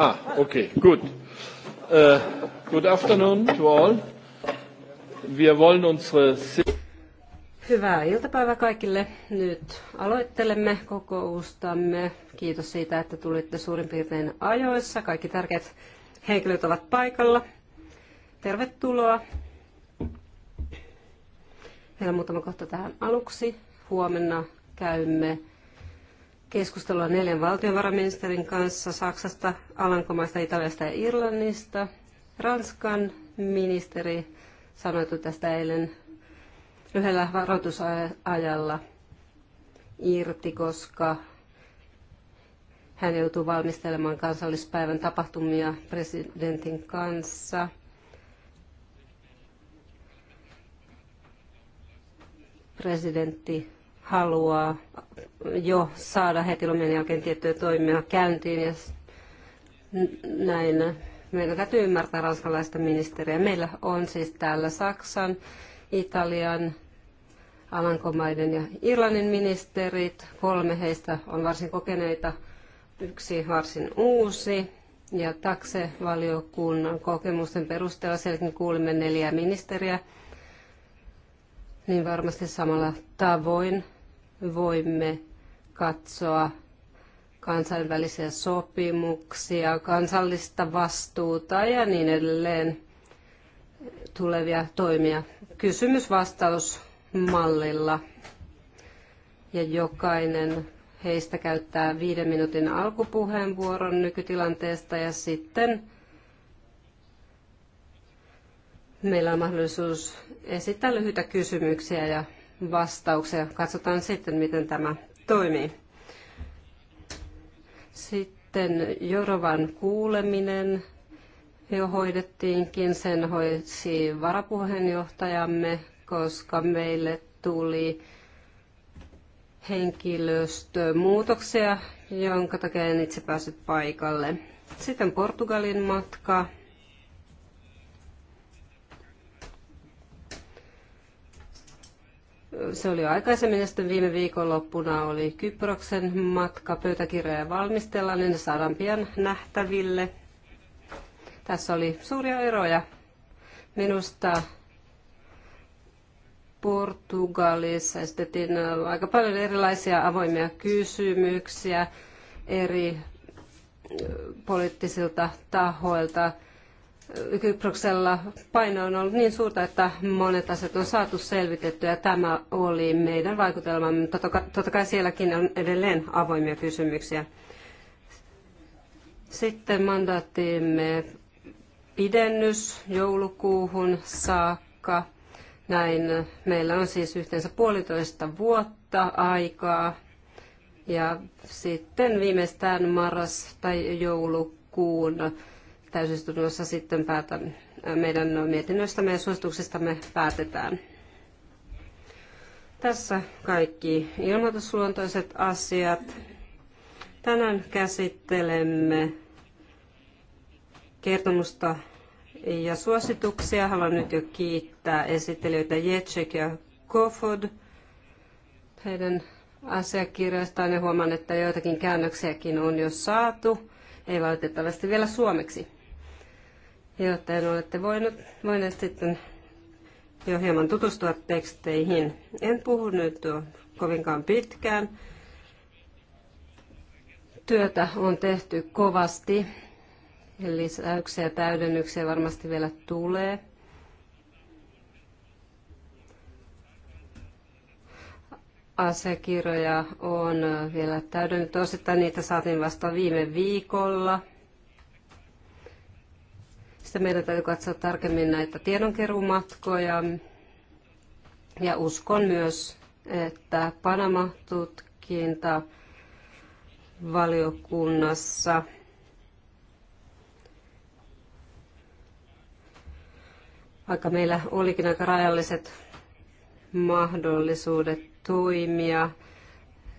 Ah, okay, gut. Uh, good afternoon to all. Wir wollen unsere... Hyvää iltapäivää kaikille. Nyt aloittelemme kokoustamme. Kiitos siitä, että tulitte suurin piirtein ajoissa. Kaikki tärkeät henkilöt ovat paikalla. Tervetuloa. Meillä on muutama kohta tähän aluksi. Huomenna käymme keskustelua neljän valtiovarainministerin kanssa Saksasta, Alankomaista, Italiasta ja Irlannista. Ranskan ministeri sanoi tästä eilen lyhyellä varoitusajalla irti, koska hän joutuu valmistelemaan kansallispäivän tapahtumia presidentin kanssa. Presidentti haluaa jo saada heti lomien jälkeen tiettyjä toimia käyntiin ja näin. Meidän täytyy ymmärtää ranskalaista ministeriä. Meillä on siis täällä Saksan, Italian, Alankomaiden ja Irlannin ministerit. Kolme heistä on varsin kokeneita, yksi varsin uusi. Ja taksevaliokunnan kokemusten perusteella sielläkin kuulimme neljä ministeriä. Niin varmasti samalla tavoin voimme katsoa kansainvälisiä sopimuksia, kansallista vastuuta ja niin edelleen tulevia toimia kysymysvastausmallilla. Ja jokainen heistä käyttää viiden minuutin alkupuheenvuoron nykytilanteesta ja sitten meillä on mahdollisuus esittää lyhyitä kysymyksiä ja vastauksia. Katsotaan sitten, miten tämä toimii. Sitten Jorovan kuuleminen jo hoidettiinkin. Sen hoisi varapuheenjohtajamme, koska meille tuli henkilöstömuutoksia, jonka takia en itse päässyt paikalle. Sitten Portugalin matka. Se oli aikaisemmin ja sitten viime viikonloppuna oli Kyproksen matka. Pöytäkirjoja valmistella, niin ne saadaan pian nähtäville. Tässä oli suuria eroja. Minusta Portugalissa esitettiin aika paljon erilaisia avoimia kysymyksiä eri poliittisilta tahoilta Kyproksella paino on ollut niin suurta, että monet asiat on saatu selvitettyä. Tämä oli meidän vaikutelmamme. Totta kai sielläkin on edelleen avoimia kysymyksiä. Sitten mandaattimme pidennys joulukuuhun saakka. Näin meillä on siis yhteensä puolitoista vuotta aikaa. Ja sitten viimeistään marras tai joulukuun täysistunnossa sitten päätän, meidän mietinnöstämme ja suosituksistamme päätetään. Tässä kaikki ilmoitusluontoiset asiat. Tänään käsittelemme kertomusta ja suosituksia. Haluan nyt jo kiittää esittelijöitä Jetsek ja Kofod heidän asiakirjoistaan ja huomaan, että joitakin käännöksiäkin on jo saatu. Ei valitettavasti vielä suomeksi joten olette voinut, voineet sitten jo hieman tutustua teksteihin. En puhu nyt kovinkaan pitkään. Työtä on tehty kovasti. Lisäyksiä ja täydennyksiä varmasti vielä tulee. Asiakirjoja on vielä täydennetty. Osittain niitä saatiin vasta viime viikolla – sitten meidän täytyy katsoa tarkemmin näitä tiedonkeruumatkoja. Ja uskon myös, että Panama-tutkinta valiokunnassa vaikka meillä olikin aika rajalliset mahdollisuudet toimia,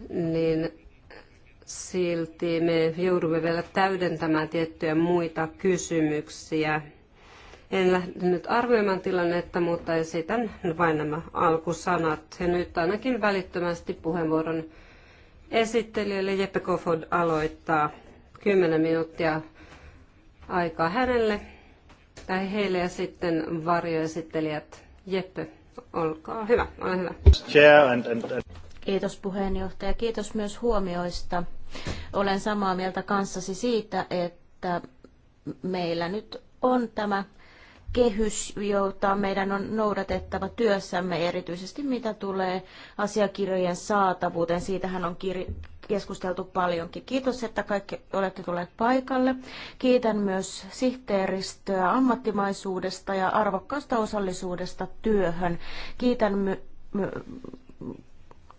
niin Silti me joudumme vielä täydentämään tiettyjä muita kysymyksiä. En lähde nyt arvioimaan tilannetta, mutta esitän vain nämä alkusanat. Ja nyt ainakin välittömästi puheenvuoron esittelijälle Jeppe Kofod aloittaa 10 minuuttia aikaa hänelle tai heille ja sitten varjoesittelijät. Jeppe, olkaa hyvä, ole hyvä. Kiitos puheenjohtaja. Kiitos myös huomioista. Olen samaa mieltä kanssasi siitä, että meillä nyt on tämä kehys, jota meidän on noudatettava työssämme, erityisesti mitä tulee asiakirjojen saatavuuteen. Siitähän on kir- keskusteltu paljonkin. Kiitos, että kaikki olette tulleet paikalle. Kiitän myös sihteeristöä ammattimaisuudesta ja arvokkaasta osallisuudesta työhön. Kiitän my- my-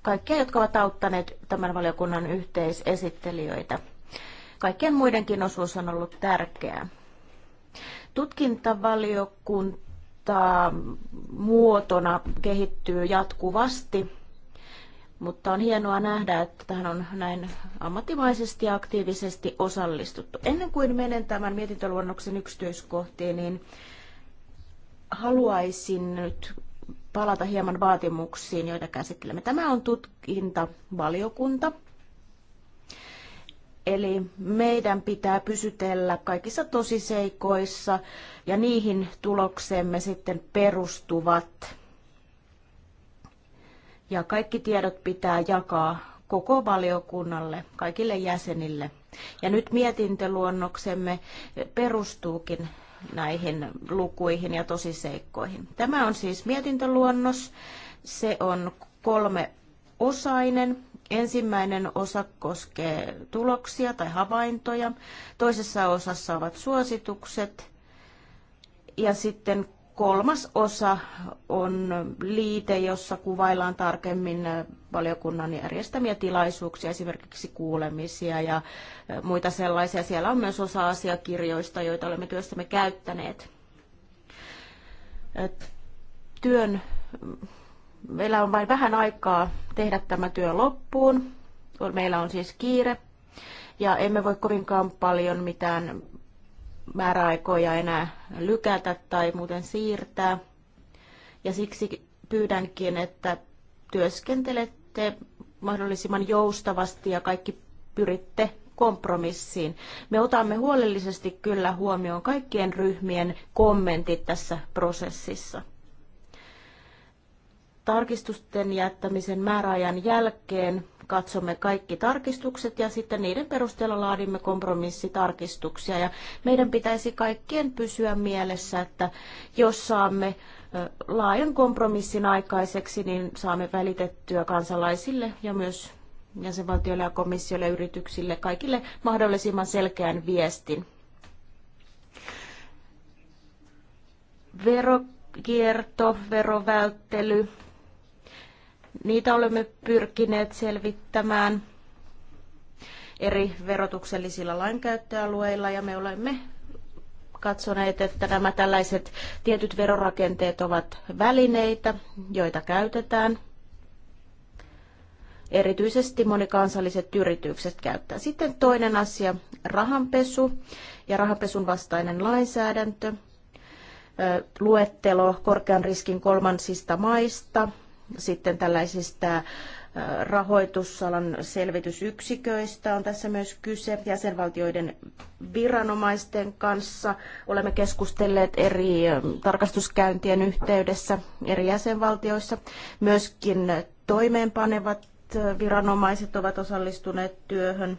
kaikkia, jotka ovat auttaneet tämän valiokunnan yhteisesittelijöitä. Kaikkien muidenkin osuus on ollut tärkeää. Tutkintavaliokunta muotona kehittyy jatkuvasti, mutta on hienoa nähdä, että tähän on näin ammattimaisesti ja aktiivisesti osallistuttu. Ennen kuin menen tämän mietintöluonnoksen yksityiskohtiin, niin haluaisin nyt palata hieman vaatimuksiin, joita käsittelemme. Tämä on tutkintavaliokunta. Eli meidän pitää pysytellä kaikissa tosiseikoissa ja niihin tuloksemme sitten perustuvat. Ja kaikki tiedot pitää jakaa koko valiokunnalle, kaikille jäsenille. Ja nyt mietintöluonnoksemme perustuukin näihin lukuihin ja tosiseikkoihin. Tämä on siis mietintöluonnos. Se on kolme osainen. Ensimmäinen osa koskee tuloksia tai havaintoja. Toisessa osassa ovat suositukset. Ja sitten kolmas osa on liite, jossa kuvaillaan tarkemmin valiokunnan järjestämiä tilaisuuksia, esimerkiksi kuulemisia ja muita sellaisia. Siellä on myös osa asiakirjoista, joita olemme työssämme käyttäneet. Työn, meillä on vain vähän aikaa tehdä tämä työ loppuun. Meillä on siis kiire ja emme voi kovinkaan paljon mitään määräaikoja enää lykätä tai muuten siirtää. Ja siksi pyydänkin, että työskentelette mahdollisimman joustavasti ja kaikki pyritte kompromissiin. Me otamme huolellisesti kyllä huomioon kaikkien ryhmien kommentit tässä prosessissa. Tarkistusten jättämisen määräajan jälkeen katsomme kaikki tarkistukset ja sitten niiden perusteella laadimme kompromissitarkistuksia. Ja meidän pitäisi kaikkien pysyä mielessä, että jos saamme laajan kompromissin aikaiseksi, niin saamme välitettyä kansalaisille ja myös jäsenvaltioille ja komissiolle, yrityksille, kaikille mahdollisimman selkeän viestin. Verokierto, verovälttely, Niitä olemme pyrkineet selvittämään eri verotuksellisilla lainkäyttöalueilla ja me olemme katsoneet, että nämä tällaiset tietyt verorakenteet ovat välineitä, joita käytetään. Erityisesti monikansalliset yritykset käyttää. Sitten toinen asia, rahanpesu ja rahanpesun vastainen lainsäädäntö luettelo korkean riskin kolmansista maista, sitten tällaisista äh, rahoitusalan selvitysyksiköistä on tässä myös kyse jäsenvaltioiden viranomaisten kanssa. Olemme keskustelleet eri äh, tarkastuskäyntien yhteydessä eri jäsenvaltioissa. Myöskin toimeenpanevat äh, viranomaiset ovat osallistuneet työhön.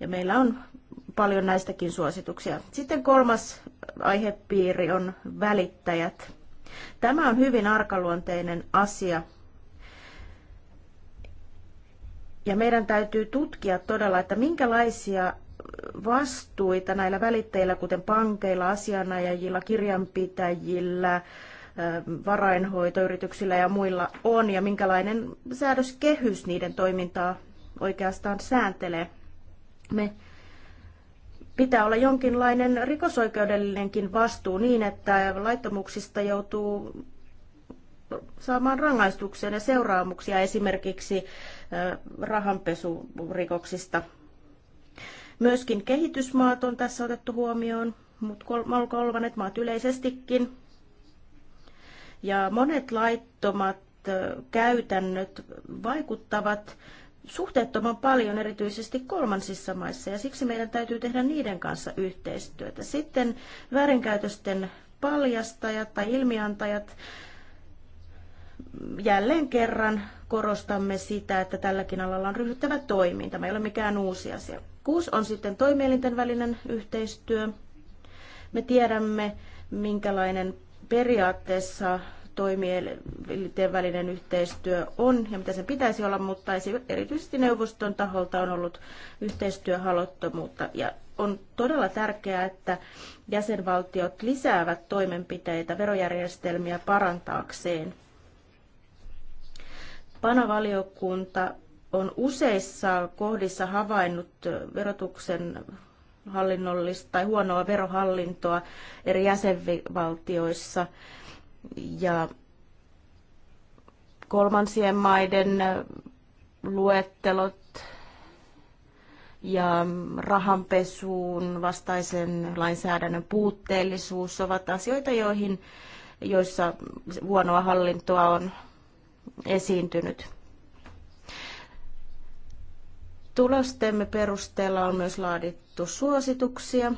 Ja meillä on paljon näistäkin suosituksia. Sitten kolmas aihepiiri on välittäjät. Tämä on hyvin arkaluonteinen asia. Ja meidän täytyy tutkia todella, että minkälaisia vastuita näillä välitteillä, kuten pankeilla, asianajajilla, kirjanpitäjillä, varainhoitoyrityksillä ja muilla on, ja minkälainen säädöskehys niiden toimintaa oikeastaan sääntelee. Me Pitää olla jonkinlainen rikosoikeudellinenkin vastuu niin, että laittomuuksista joutuu saamaan rangaistuksia ja seuraamuksia esimerkiksi rahanpesurikoksista. Myöskin kehitysmaat on tässä otettu huomioon, mutta kolmannet maat yleisestikin. Ja monet laittomat käytännöt vaikuttavat suhteettoman paljon erityisesti kolmansissa maissa ja siksi meidän täytyy tehdä niiden kanssa yhteistyötä. Sitten väärinkäytösten paljastajat tai ilmiantajat, jälleen kerran korostamme sitä, että tälläkin alalla on ryhdyttävä toiminta. Meillä ei ole mikään uusi asia. Kuusi on sitten toimielinten välinen yhteistyö. Me tiedämme, minkälainen periaatteessa toimielinten välinen yhteistyö on ja mitä sen pitäisi olla, mutta erityisesti neuvoston taholta on ollut yhteistyöhalottomuutta. Ja on todella tärkeää, että jäsenvaltiot lisäävät toimenpiteitä verojärjestelmiä parantaakseen. Panavaliokunta on useissa kohdissa havainnut verotuksen hallinnollista tai huonoa verohallintoa eri jäsenvaltioissa ja kolmansien maiden luettelot ja rahanpesuun vastaisen lainsäädännön puutteellisuus ovat asioita, joihin, joissa huonoa hallintoa on esiintynyt. Tulostemme perusteella on myös laadittu suosituksia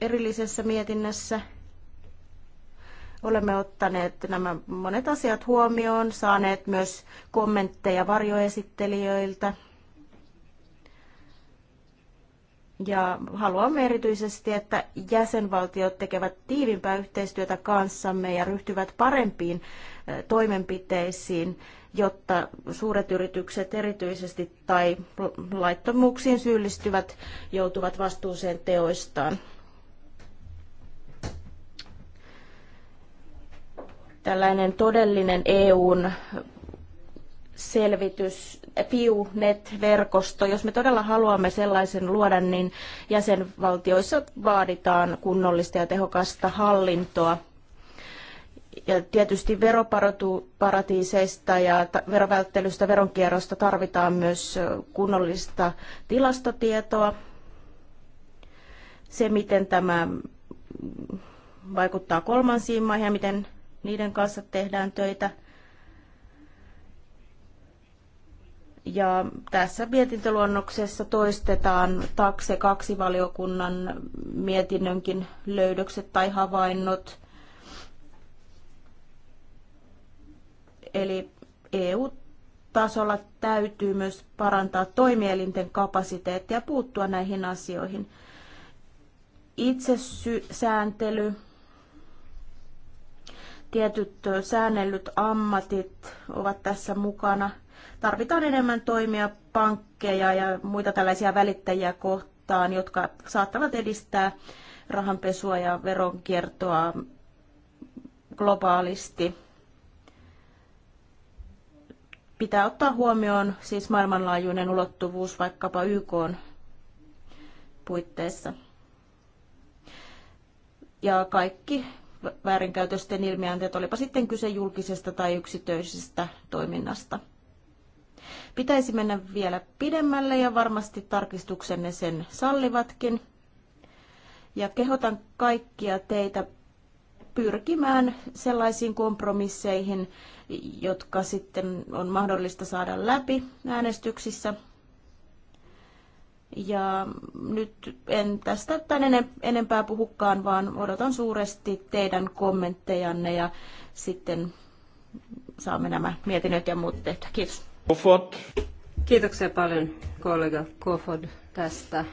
erillisessä mietinnössä – Olemme ottaneet nämä monet asiat huomioon, saaneet myös kommentteja varjoesittelijöiltä. Ja haluamme erityisesti, että jäsenvaltiot tekevät tiivimpää yhteistyötä kanssamme ja ryhtyvät parempiin toimenpiteisiin, jotta suuret yritykset erityisesti tai laittomuuksiin syyllistyvät joutuvat vastuuseen teoistaan. tällainen todellinen EUn selvitys, net verkosto jos me todella haluamme sellaisen luoda, niin jäsenvaltioissa vaaditaan kunnollista ja tehokasta hallintoa. Ja tietysti veroparatiiseista ja verovälttelystä, veronkierrosta tarvitaan myös kunnollista tilastotietoa. Se, miten tämä vaikuttaa kolmansiin maihin ja miten niiden kanssa tehdään töitä. Ja tässä mietintöluonnoksessa toistetaan takse kaksi valiokunnan mietinnönkin löydökset tai havainnot. Eli EU-tasolla täytyy myös parantaa toimielinten kapasiteettia ja puuttua näihin asioihin. Itsesääntely Tietyt säännellyt ammatit ovat tässä mukana. Tarvitaan enemmän toimia pankkeja ja muita tällaisia välittäjiä kohtaan, jotka saattavat edistää rahanpesua ja veronkiertoa globaalisti. Pitää ottaa huomioon siis maailmanlaajuinen ulottuvuus vaikkapa YK puitteissa. Ja kaikki väärinkäytösten ilmiönteet, olipa sitten kyse julkisesta tai yksityisestä toiminnasta. Pitäisi mennä vielä pidemmälle ja varmasti tarkistuksenne sen sallivatkin. Ja kehotan kaikkia teitä pyrkimään sellaisiin kompromisseihin, jotka sitten on mahdollista saada läpi äänestyksissä ja nyt en tästä tämän enempää puhukaan, vaan odotan suuresti teidän kommenttejanne ja sitten saamme nämä mietinnöt ja muut tehtyä. Kiitos. Kofod. Kiitoksia paljon kollega Kofod tästä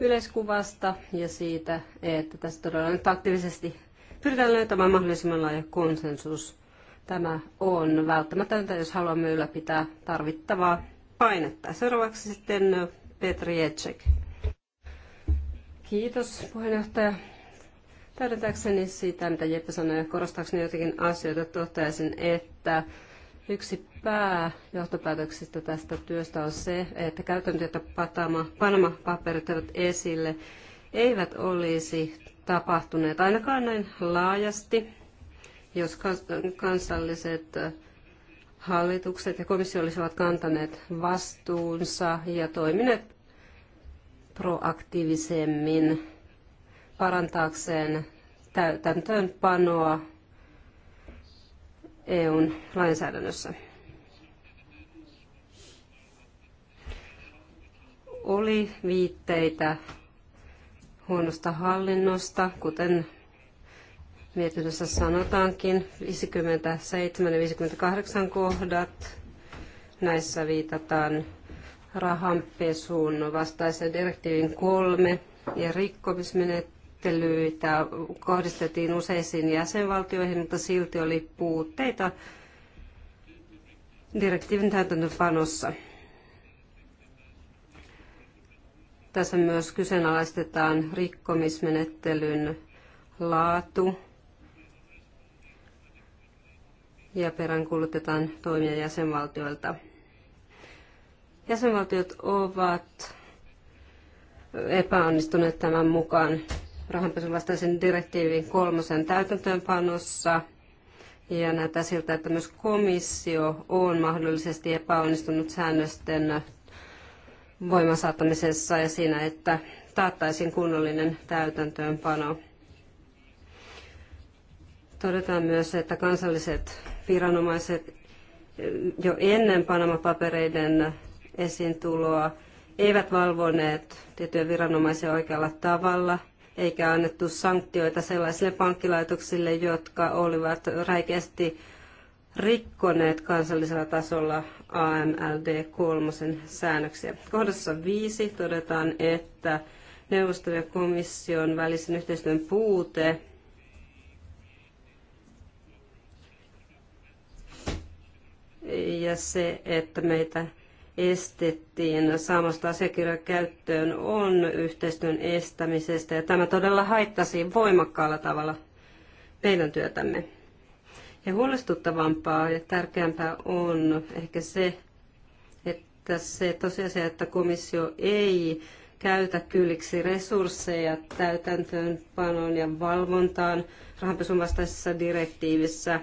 yleiskuvasta ja siitä, että tässä todella nyt aktiivisesti pyritään löytämään mahdollisimman laaja konsensus. Tämä on välttämätöntä, jos haluamme ylläpitää tarvittavaa painetta. Seuraavaksi sitten Petri Jetsek. Kiitos puheenjohtaja. Täydentääkseni siitä, mitä Jeppe sanoi, ja korostaakseni jotakin asioita, toteaisin, että yksi pääjohtopäätöksistä tästä työstä on se, että käytäntö, että Panama-paperit ovat esille, eivät olisi tapahtuneet ainakaan näin laajasti, jos kansalliset hallitukset ja komissio olisivat kantaneet vastuunsa ja toimineet proaktiivisemmin parantaakseen täytäntöönpanoa EUn lainsäädännössä. Oli viitteitä huonosta hallinnosta, kuten mietinnössä sanotaankin, 57 ja 58 kohdat. Näissä viitataan rahanpesun vastaisen direktiivin kolme ja rikkomismenettelyitä kohdistettiin useisiin jäsenvaltioihin, mutta silti oli puutteita direktiivin täytäntöpanossa. Tässä myös kyseenalaistetaan rikkomismenettelyn laatu ja peräänkuulutetaan toimia jäsenvaltioilta. Jäsenvaltiot ovat epäonnistuneet tämän mukaan rahanpesun vastaisen direktiivin kolmosen täytäntöönpanossa. Ja näyttää siltä, että myös komissio on mahdollisesti epäonnistunut säännösten voimasaattamisessa ja siinä, että taattaisiin kunnollinen täytäntöönpano. Todetaan myös, että kansalliset viranomaiset jo ennen Panama-papereiden esiintuloa, eivät valvoneet tiettyjä viranomaisia oikealla tavalla, eikä annettu sanktioita sellaisille pankkilaitoksille, jotka olivat räikeästi rikkoneet kansallisella tasolla AMLD 3 säännöksiä. Kohdassa 5 todetaan, että neuvoston ja komission välisen yhteistyön puute ja se, että meitä estettiin saamasta asiakirjoja käyttöön, on yhteistyön estämisestä. Ja tämä todella haittasi voimakkaalla tavalla meidän työtämme. Ja huolestuttavampaa ja tärkeämpää on ehkä se, että se tosiasia, että komissio ei käytä kylliksi resursseja täytäntöönpanoon ja valvontaan rahanpesun vastaisessa direktiivissä,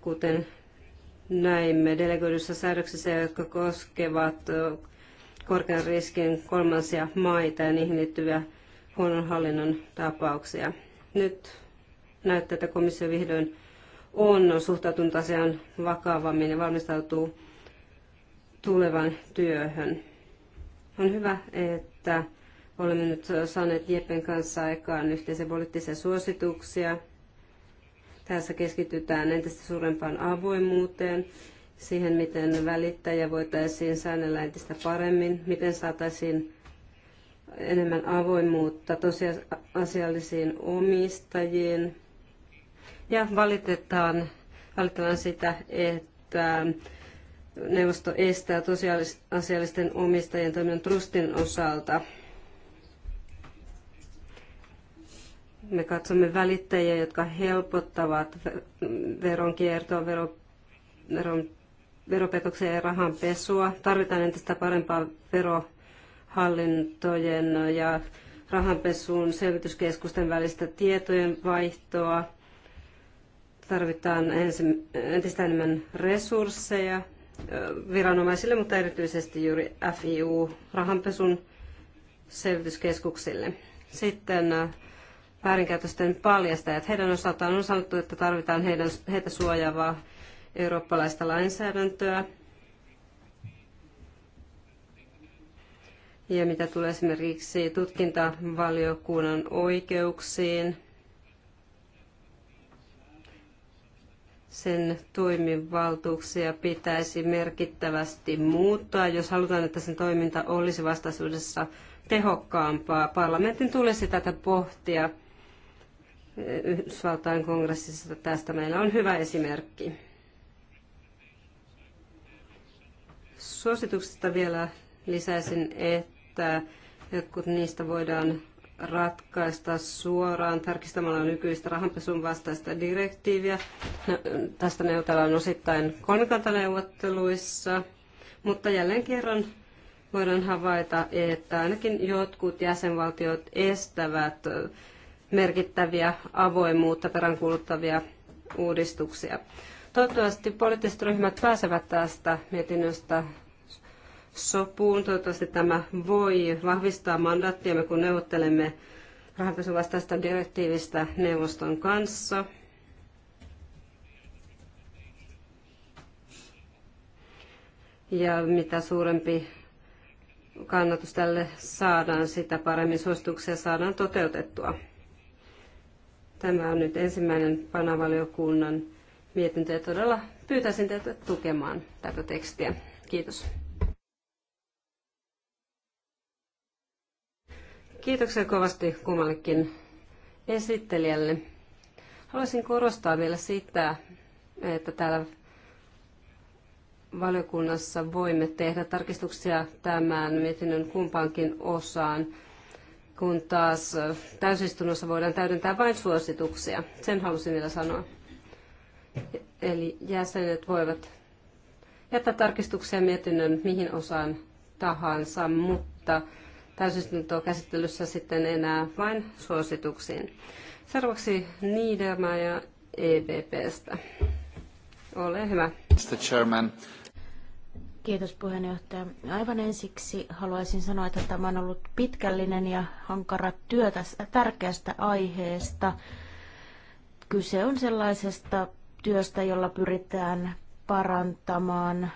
kuten näimme delegoidussa säädöksessä, jotka koskevat korkean riskin kolmansia maita ja niihin liittyviä huonon hallinnon tapauksia. Nyt näyttää, että komissio vihdoin on suhtautunut asiaan vakavammin ja valmistautuu tulevan työhön. On hyvä, että olemme nyt saaneet Jeppen kanssa aikaan yhteisen poliittisia suosituksia – tässä keskitytään entistä suurempaan avoimuuteen, siihen miten välittäjä voitaisiin säännellä entistä paremmin, miten saataisiin enemmän avoimuutta tosiasiallisiin omistajiin. Ja valitetaan, valitetaan sitä, että neuvosto estää tosiasiallisten omistajien toiminnan trustin osalta. Me katsomme välittäjiä, jotka helpottavat veronkiertoa, veron, veron, veropetoksia ja rahanpesua. Tarvitaan entistä parempaa verohallintojen ja rahanpesuun selvityskeskusten välistä tietojen vaihtoa. Tarvitaan ensi, entistä enemmän resursseja viranomaisille, mutta erityisesti juuri FIU, rahanpesun selvityskeskuksille. Sitten väärinkäytösten paljastajat. Heidän osaltaan on sanottu, että tarvitaan heidän, heitä suojaavaa eurooppalaista lainsäädäntöä. Ja mitä tulee esimerkiksi tutkintavaliokunnan oikeuksiin, sen toimivaltuuksia pitäisi merkittävästi muuttaa, jos halutaan, että sen toiminta olisi vastaisuudessa tehokkaampaa. Parlamentin tulisi tätä pohtia Yhdysvaltain kongressissa tästä meillä on hyvä esimerkki. Suosituksista vielä lisäisin, että jotkut niistä voidaan ratkaista suoraan tarkistamalla nykyistä rahanpesun vastaista direktiiviä. No, tästä neuvotellaan osittain kolmikantaneuvotteluissa, mutta jälleen kerran voidaan havaita, että ainakin jotkut jäsenvaltiot estävät merkittäviä avoimuutta peräänkuuluttavia uudistuksia. Toivottavasti poliittiset ryhmät pääsevät tästä mietinnöstä sopuun. Toivottavasti tämä voi vahvistaa mandaattiamme, kun neuvottelemme rahanpesun vastaista direktiivistä neuvoston kanssa. Ja mitä suurempi kannatus tälle saadaan, sitä paremmin suosituksia saadaan toteutettua. Tämä on nyt ensimmäinen panavaliokunnan mietintö ja todella pyytäisin teitä tukemaan tätä tekstiä. Kiitos. Kiitoksia kovasti kummallekin esittelijälle. Haluaisin korostaa vielä sitä, että täällä valiokunnassa voimme tehdä tarkistuksia tämän mietinnön kumpaankin osaan kun taas täysistunnossa voidaan täydentää vain suosituksia. Sen halusin vielä sanoa. Eli jäsenet voivat jättää tarkistuksia mietinnön mihin osaan tahansa, mutta täysistunto käsittelyssä sitten enää vain suosituksiin. Seuraavaksi Niidemaa ja EVPstä. Ole hyvä. Mr. Chairman. Kiitos puheenjohtaja. Aivan ensiksi haluaisin sanoa, että tämä on ollut pitkällinen ja hankara työ tästä tärkeästä aiheesta. Kyse on sellaisesta työstä, jolla pyritään parantamaan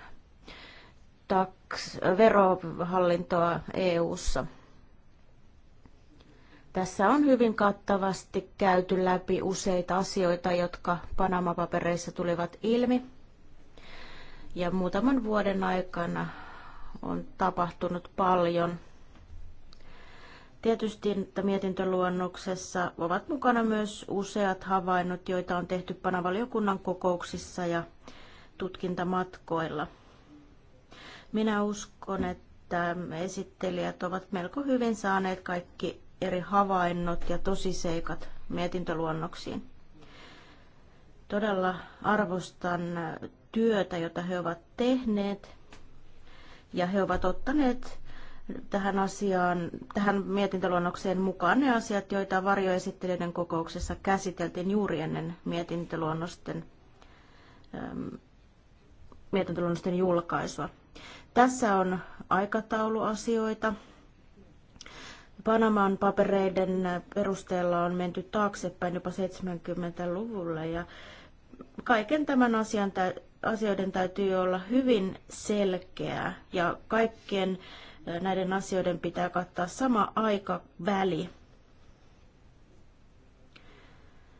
taks, verohallintoa EU:ssa. Tässä on hyvin kattavasti käyty läpi useita asioita, jotka Panama-papereissa tulivat ilmi. Ja muutaman vuoden aikana on tapahtunut paljon. Tietysti mietintöluonnoksessa ovat mukana myös useat havainnot, joita on tehty panavaliokunnan kokouksissa ja tutkintamatkoilla. Minä uskon, että esittelijät ovat melko hyvin saaneet kaikki eri havainnot ja tosiseikat mietintöluonnoksiin. Todella arvostan työtä, jota he ovat tehneet. Ja he ovat ottaneet tähän asiaan, tähän mietintöluonnokseen mukaan ne asiat, joita varjoesittelijöiden kokouksessa käsiteltiin juuri ennen mietintöluonnosten, ähm, mietintöluonnosten julkaisua. Tässä on aikatauluasioita. Panaman papereiden perusteella on menty taaksepäin jopa 70-luvulle ja kaiken tämän asian asioiden täytyy olla hyvin selkeää ja kaikkien näiden asioiden pitää kattaa sama aikaväli.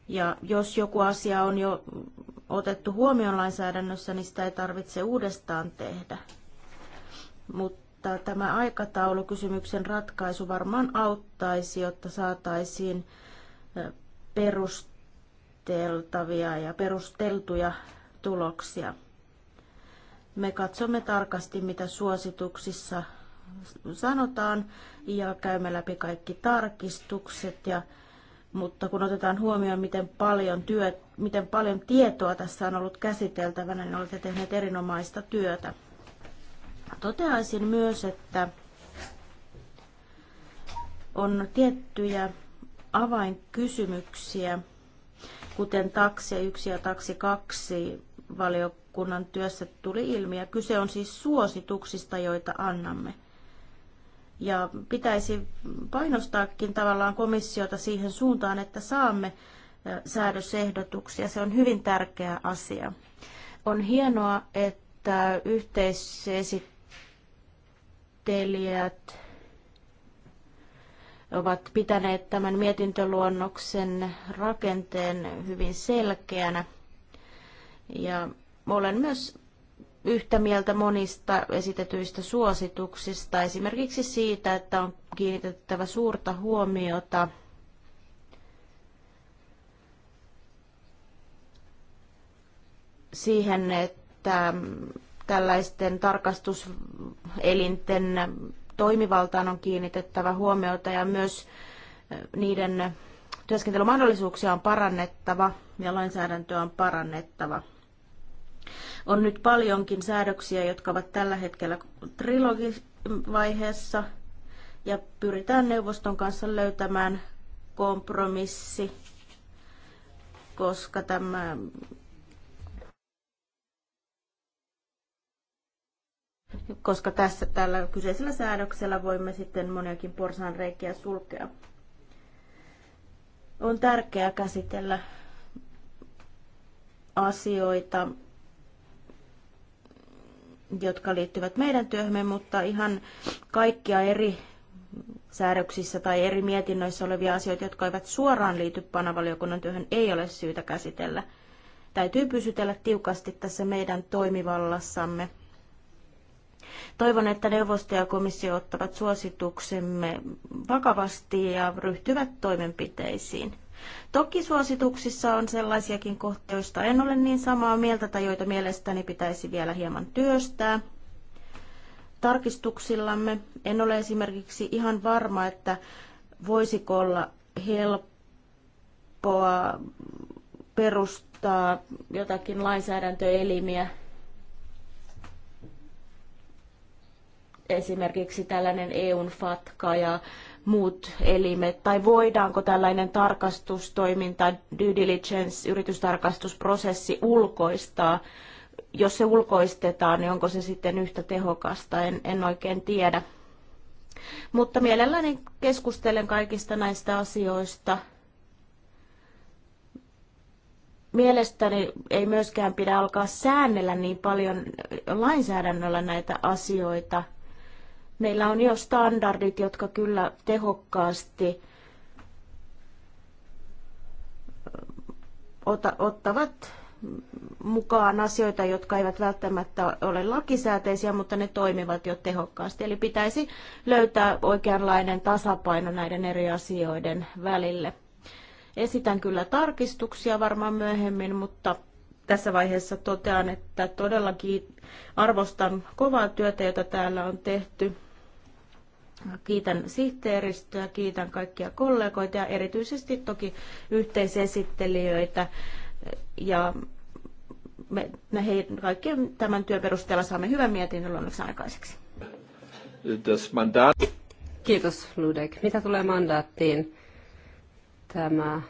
Ja jos joku asia on jo otettu huomioon lainsäädännössä, niin sitä ei tarvitse uudestaan tehdä. Mutta tämä aikataulukysymyksen ratkaisu varmaan auttaisi, jotta saataisiin perusteltavia ja perusteltuja tuloksia. Me katsomme tarkasti, mitä suosituksissa sanotaan ja käymme läpi kaikki tarkistukset ja mutta kun otetaan huomioon, miten paljon, työ, miten paljon tietoa tässä on ollut käsiteltävänä, niin olette tehneet erinomaista työtä. Toteaisin myös, että on tiettyjä avainkysymyksiä, kuten taksi 1 ja taksi 2 valiokunnan työssä tuli ilmi. Ja kyse on siis suosituksista, joita annamme. Ja pitäisi painostaakin tavallaan komissiota siihen suuntaan, että saamme säädösehdotuksia. Se on hyvin tärkeä asia. On hienoa, että yhteisesittelijät ovat pitäneet tämän mietintöluonnoksen rakenteen hyvin selkeänä. Ja olen myös yhtä mieltä monista esitetyistä suosituksista, esimerkiksi siitä, että on kiinnitettävä suurta huomiota siihen, että tällaisten tarkastuselinten toimivaltaan on kiinnitettävä huomiota ja myös niiden työskentelymahdollisuuksia on parannettava ja lainsäädäntöä on parannettava. On nyt paljonkin säädöksiä, jotka ovat tällä hetkellä trilogivaiheessa ja pyritään neuvoston kanssa löytämään kompromissi, koska tämä koska tässä tällä kyseisellä säädöksellä voimme sitten moniakin porsaanreikiä sulkea. On tärkeää käsitellä asioita jotka liittyvät meidän työhömme, mutta ihan kaikkia eri säädöksissä tai eri mietinnöissä olevia asioita, jotka eivät suoraan liity panavaliokunnan työhön, ei ole syytä käsitellä. Täytyy pysytellä tiukasti tässä meidän toimivallassamme. Toivon, että neuvosto ja komissio ottavat suosituksemme vakavasti ja ryhtyvät toimenpiteisiin. Toki suosituksissa on sellaisiakin kohtia, joista en ole niin samaa mieltä tai joita mielestäni pitäisi vielä hieman työstää. Tarkistuksillamme en ole esimerkiksi ihan varma, että voisiko olla helppoa perustaa jotakin lainsäädäntöelimiä esimerkiksi tällainen EUn fatka ja muut elimet, tai voidaanko tällainen tarkastustoiminta, due diligence, yritystarkastusprosessi ulkoistaa, jos se ulkoistetaan, niin onko se sitten yhtä tehokasta, en, en oikein tiedä. Mutta mielelläni keskustelen kaikista näistä asioista. Mielestäni ei myöskään pidä alkaa säännellä niin paljon lainsäädännöllä näitä asioita, Meillä on jo standardit, jotka kyllä tehokkaasti ottavat mukaan asioita, jotka eivät välttämättä ole lakisääteisiä, mutta ne toimivat jo tehokkaasti. Eli pitäisi löytää oikeanlainen tasapaino näiden eri asioiden välille. Esitän kyllä tarkistuksia varmaan myöhemmin, mutta tässä vaiheessa totean, että todellakin arvostan kovaa työtä, jota täällä on tehty. Kiitän sihteeristöä, kiitän kaikkia kollegoita ja erityisesti toki yhteisesittelijöitä. Ja me, me he, tämän työn perusteella saamme hyvän mietinnön luonnoksi aikaiseksi. Kiitos Ludek. Mitä tulee mandaattiin? Tämä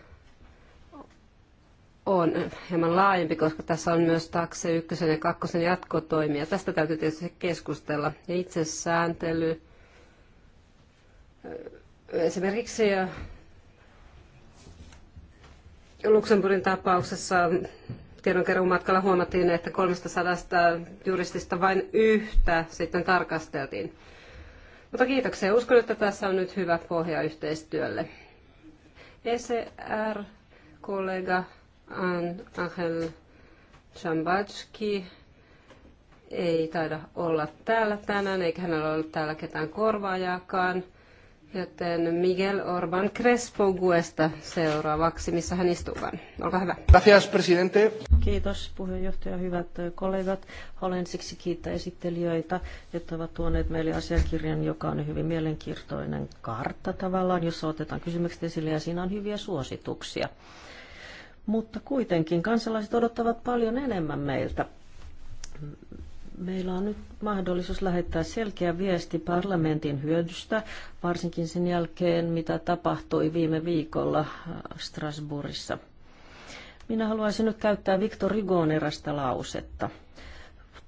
on hieman laajempi, koska tässä on myös takse ykkösen ja kakkosen jatkotoimia. Tästä täytyy tietysti keskustella. Ja itse sääntely Esimerkiksi äh, Luxemburgin tapauksessa tiedonkeruun matkalla huomattiin, että 300 juristista vain yhtä sitten tarkasteltiin. Mutta kiitoksia. Uskon, että tässä on nyt hyvä pohja yhteistyölle. ECR-kollega Angel Chambatski ei taida olla täällä tänään, eikä hänellä ole täällä ketään korvaajaakaan. Joten Miguel Orban Crespo Guesta seuraavaksi, missä hän istuukaan. Olkaa hyvä. Gracias, presidente. Kiitos puheenjohtaja, hyvät kollegat. Olen siksi kiittää esittelijöitä, että ovat tuoneet meille asiakirjan, joka on hyvin mielenkiintoinen kartta tavallaan, jossa otetaan kysymykset esille ja siinä on hyviä suosituksia. Mutta kuitenkin kansalaiset odottavat paljon enemmän meiltä Meillä on nyt mahdollisuus lähettää selkeä viesti parlamentin hyödystä, varsinkin sen jälkeen, mitä tapahtui viime viikolla äh, Strasbourgissa. Minä haluaisin nyt käyttää Victor Rigon erästä lausetta.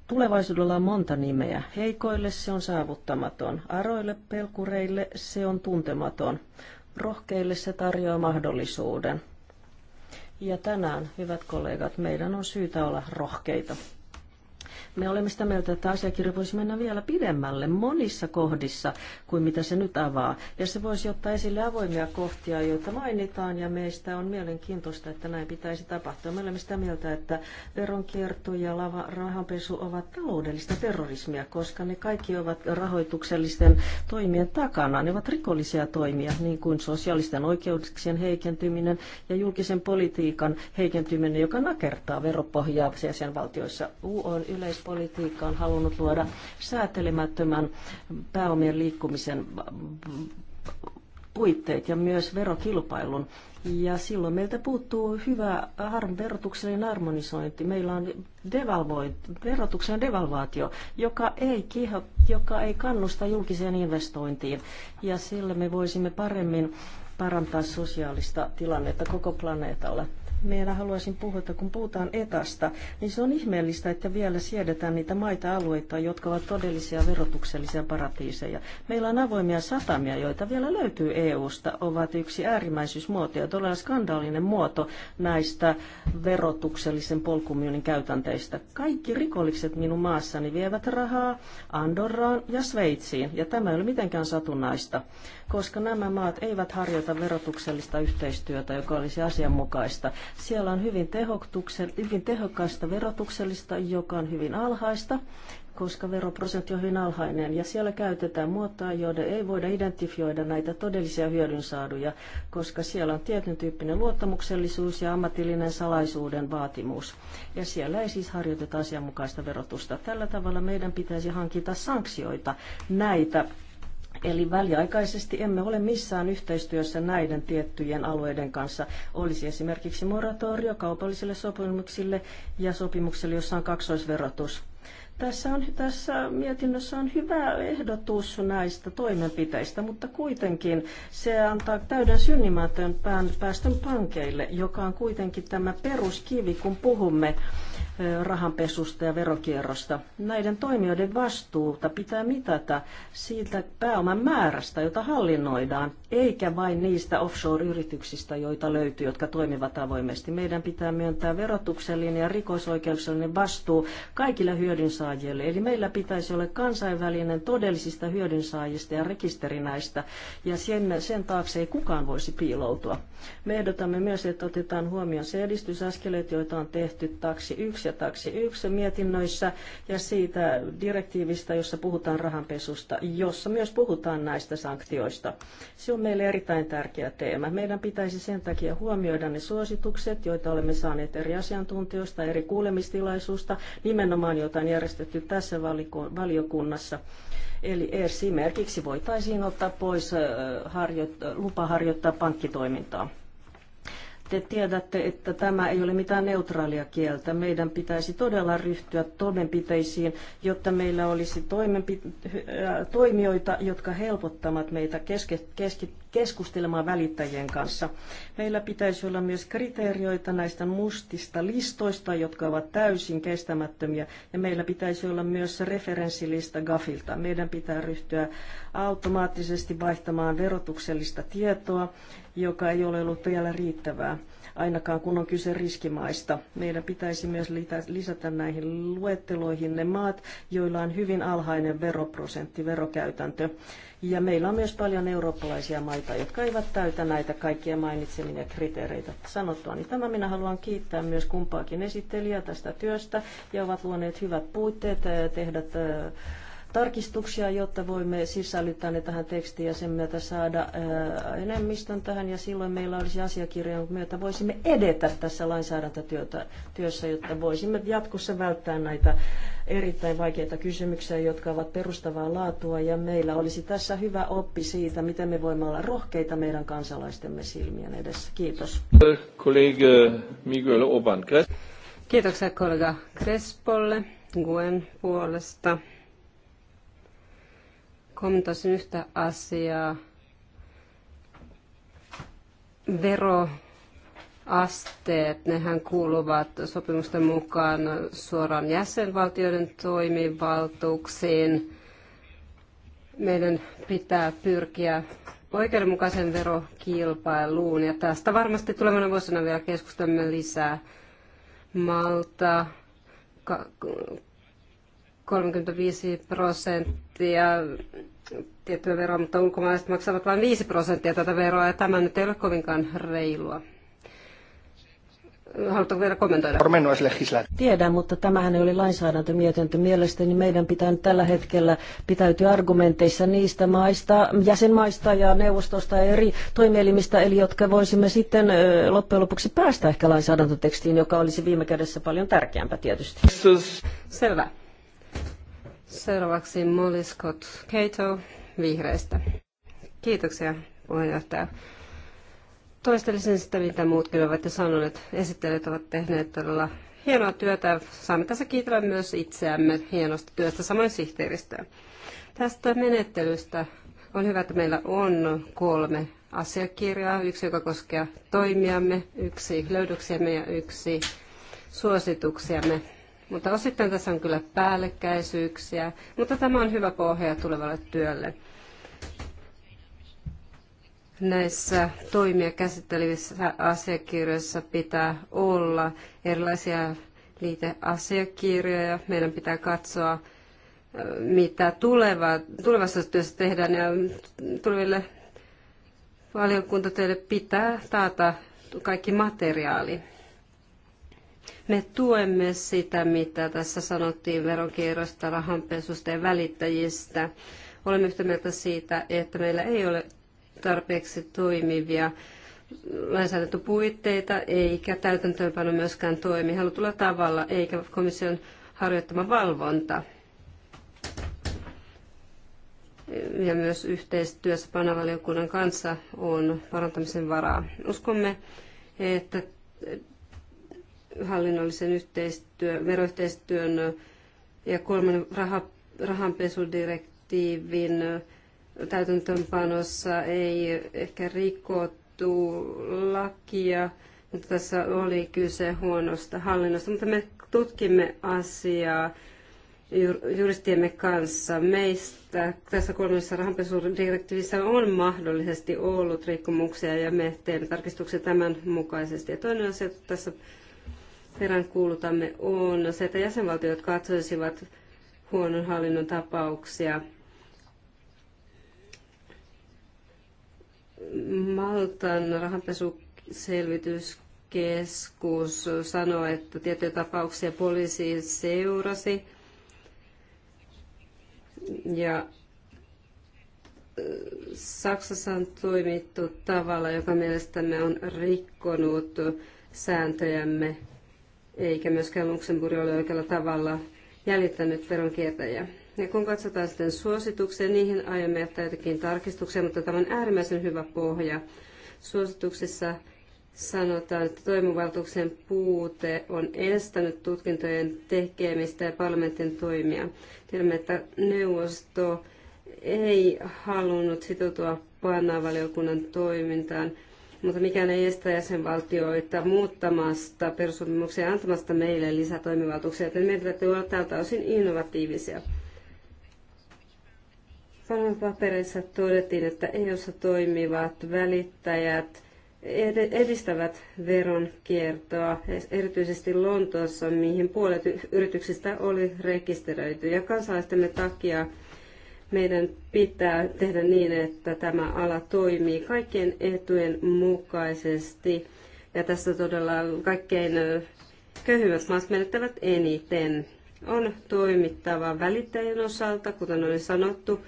Tulevaisuudella on monta nimeä. Heikoille se on saavuttamaton, aroille pelkureille se on tuntematon, rohkeille se tarjoaa mahdollisuuden. Ja tänään, hyvät kollegat, meidän on syytä olla rohkeita. Me olemme sitä mieltä, että asiakirja voisi mennä vielä pidemmälle monissa kohdissa kuin mitä se nyt avaa. Ja se voisi ottaa esille avoimia kohtia, joita mainitaan, ja meistä on mielenkiintoista, että näin pitäisi tapahtua. Me olemme sitä mieltä, että veronkierto ja lava, rahanpesu ovat taloudellista terrorismia, koska ne kaikki ovat rahoituksellisten toimien takana. Ne ovat rikollisia toimia, niin kuin sosiaalisten oikeuksien heikentyminen ja julkisen politiikan heikentyminen, joka nakertaa veropohjaa jäsenvaltioissa. U on yleistä talouspolitiikka on halunnut luoda säätelemättömän pääomien liikkumisen puitteet ja myös verokilpailun. Ja silloin meiltä puuttuu hyvä verotuksellinen harmonisointi. Meillä on verotuksen devalvaatio, joka ei, kiho, joka ei kannusta julkiseen investointiin. Ja sillä me voisimme paremmin parantaa sosiaalista tilannetta koko planeetalla. Meillä haluaisin puhua, että kun puhutaan etasta, niin se on ihmeellistä, että vielä siedetään niitä maita alueita, jotka ovat todellisia verotuksellisia paratiiseja. Meillä on avoimia satamia, joita vielä löytyy EUsta, ovat yksi äärimmäisyysmuoto ja todella skandaalinen muoto näistä verotuksellisen polkumyynnin käytänteistä. Kaikki rikolliset minun maassani vievät rahaa Andorraan ja Sveitsiin, ja tämä ei ole mitenkään satunnaista koska nämä maat eivät harjoita verotuksellista yhteistyötä, joka olisi asianmukaista. Siellä on hyvin, hyvin tehokasta verotuksellista, joka on hyvin alhaista, koska veroprosentti on hyvin alhainen ja siellä käytetään muotoa, joiden ei voida identifioida näitä todellisia hyödynsaaduja, koska siellä on tietyn tyyppinen luottamuksellisuus ja ammatillinen salaisuuden vaatimus. Ja siellä ei siis harjoiteta asianmukaista verotusta. Tällä tavalla meidän pitäisi hankita sanktioita näitä Eli väliaikaisesti emme ole missään yhteistyössä näiden tiettyjen alueiden kanssa. Olisi esimerkiksi moratorio kaupallisille sopimuksille ja sopimukselle, jossa on kaksoisverotus. Tässä, on, tässä mietinnössä on hyvä ehdotus näistä toimenpiteistä, mutta kuitenkin se antaa täyden synnimätön päästön pankeille, joka on kuitenkin tämä peruskivi, kun puhumme rahanpesusta ja verokierrosta. Näiden toimijoiden vastuuta pitää mitata siitä pääoman määrästä, jota hallinnoidaan, eikä vain niistä offshore-yrityksistä, joita löytyy, jotka toimivat avoimesti. Meidän pitää myöntää verotuksellinen ja rikosoikeuksellinen vastuu kaikille hyödynsaajille. Eli meillä pitäisi olla kansainvälinen todellisista hyödynsaajista ja rekisterinäistä, ja sen, sen taakse ei kukaan voisi piiloutua. Me ehdotamme myös, että otetaan huomioon se edistysaskeleet, joita on tehty taksi yksi 2 ja taksi 1 mietinnöissä ja siitä direktiivistä, jossa puhutaan rahanpesusta, jossa myös puhutaan näistä sanktioista. Se on meille erittäin tärkeä teema. Meidän pitäisi sen takia huomioida ne suositukset, joita olemme saaneet eri asiantuntijoista, eri kuulemistilaisuusta, nimenomaan joita on järjestetty tässä valiokunnassa. Eli esimerkiksi voitaisiin ottaa pois harjo- lupa harjoittaa pankkitoimintaa te tiedätte, että tämä ei ole mitään neutraalia kieltä. Meidän pitäisi todella ryhtyä toimenpiteisiin, jotta meillä olisi äh, toimijoita, jotka helpottavat meitä keskustelemaan välittäjien kanssa. Meillä pitäisi olla myös kriteerioita näistä mustista listoista, jotka ovat täysin kestämättömiä, ja meillä pitäisi olla myös referenssilista GAFilta. Meidän pitää ryhtyä automaattisesti vaihtamaan verotuksellista tietoa joka ei ole ollut vielä riittävää, ainakaan kun on kyse riskimaista. Meidän pitäisi myös lisätä näihin luetteloihin ne maat, joilla on hyvin alhainen veroprosentti, verokäytäntö. Ja meillä on myös paljon eurooppalaisia maita, jotka eivät täytä näitä kaikkia mainitsemia kriteereitä sanottua. Niin tämä minä haluan kiittää myös kumpaakin esittelijää tästä työstä ja ovat luoneet hyvät puitteet eh, tehdä eh, tarkistuksia, jotta voimme sisällyttää ne tähän tekstiin ja sen myötä saada enemmistön tähän. Ja silloin meillä olisi jonka myötä voisimme edetä tässä lainsäädäntötyössä, jotta voisimme jatkossa välttää näitä erittäin vaikeita kysymyksiä, jotka ovat perustavaa laatua. Ja meillä olisi tässä hyvä oppi siitä, miten me voimme olla rohkeita meidän kansalaistemme silmien edessä. Kiitos. Kollega Miguel Oban. Kiitoksia kollega Crespolle Guen puolesta kommentoisin yhtä asiaa. Veroasteet, nehän kuuluvat sopimusten mukaan suoraan jäsenvaltioiden toimivaltuuksiin. Meidän pitää pyrkiä oikeudenmukaisen verokilpailuun ja tästä varmasti tulevana vuosina vielä keskustelemme lisää. Malta, 35 prosenttia tiettyä veroa, mutta ulkomaalaiset maksavat vain 5 prosenttia tätä veroa, ja tämä nyt ei ole kovinkaan reilua. Haluatko vielä kommentoida? Tiedän, mutta tämähän ei ole lainsäädäntömietintö. Mielestäni meidän pitää nyt tällä hetkellä pitäytyä argumenteissa niistä maista, jäsenmaista ja neuvostosta ja eri toimielimistä, eli jotka voisimme sitten loppujen lopuksi päästä ehkä lainsäädäntötekstiin, joka olisi viime kädessä paljon tärkeämpää tietysti. Selvä. Seuraavaksi Molly Scott Cato vihreistä. Kiitoksia puheenjohtaja. Toistelisin sitä, mitä muutkin ovat jo sanoneet. Esittelijät ovat tehneet todella hienoa työtä. Saamme tässä kiitellä myös itseämme hienosta työstä, samoin sihteeristä. Tästä menettelystä on hyvä, että meillä on kolme asiakirjaa. Yksi, joka koskee toimiamme, yksi löydöksiämme ja yksi suosituksiamme mutta osittain tässä on kyllä päällekkäisyyksiä, mutta tämä on hyvä pohja tulevalle työlle. Näissä toimia käsittelevissä asiakirjoissa pitää olla erilaisia liiteasiakirjoja. Meidän pitää katsoa, mitä tuleva, tulevassa työssä tehdään ja tuleville valiokuntatöille pitää taata kaikki materiaali. Me tuemme sitä, mitä tässä sanottiin veronkierrosta, rahanpesusta ja välittäjistä. Olemme yhtä mieltä siitä, että meillä ei ole tarpeeksi toimivia lainsäädäntöpuitteita eikä täytäntöönpano myöskään toimi halutulla tavalla eikä komission harjoittama valvonta. Ja myös yhteistyössä panavaliokunnan kanssa on parantamisen varaa. Uskomme, että hallinnollisen yhteistyön, veroyhteistyön ja kolmen raha, rahanpesudirektiivin täytäntöönpanossa ei ehkä rikottu lakia, mutta tässä oli kyse huonosta hallinnosta. Mutta me tutkimme asiaa juristiemme kanssa. Meistä tässä kolmannessa rahanpesudirektiivissä on mahdollisesti ollut rikkomuksia ja me teemme tarkistuksia tämän mukaisesti. Ja toinen asia, että tässä peräänkuulutamme on se, että jäsenvaltiot katsoisivat huonon hallinnon tapauksia Maltan rahanpesuselvityskeskus sanoi, että tiettyjä tapauksia poliisi seurasi ja Saksassa on toimittu tavalla, joka mielestämme on rikkonut sääntöjämme eikä myöskään Luxemburg ole oikealla tavalla jäljittänyt veronkiertäjiä. Ja kun katsotaan sitten suosituksia, niihin aiemmin jättää jotakin tarkistuksia, mutta tämä on äärimmäisen hyvä pohja. Suosituksissa sanotaan, että toimivaltuuksien puute on estänyt tutkintojen tekemistä ja parlamentin toimia. Tiedämme, että neuvosto ei halunnut sitoutua valiokunnan toimintaan mutta mikään ei estä jäsenvaltioita muuttamasta perussopimuksia ja antamasta meille lisätoimivaltuuksia, joten meidän täytyy olla tältä osin innovatiivisia. Panama papereissa todettiin, että EU-ssa toimivat välittäjät edistävät veronkiertoa, erityisesti Lontoossa, mihin puolet yrityksistä oli rekisteröity. Ja kansalaistemme takia meidän pitää tehdä niin, että tämä ala toimii kaikkien etujen mukaisesti. Ja tässä todella kaikkein köyhimmät maat menettävät eniten. On toimittava välittäjien osalta, kuten oli sanottu,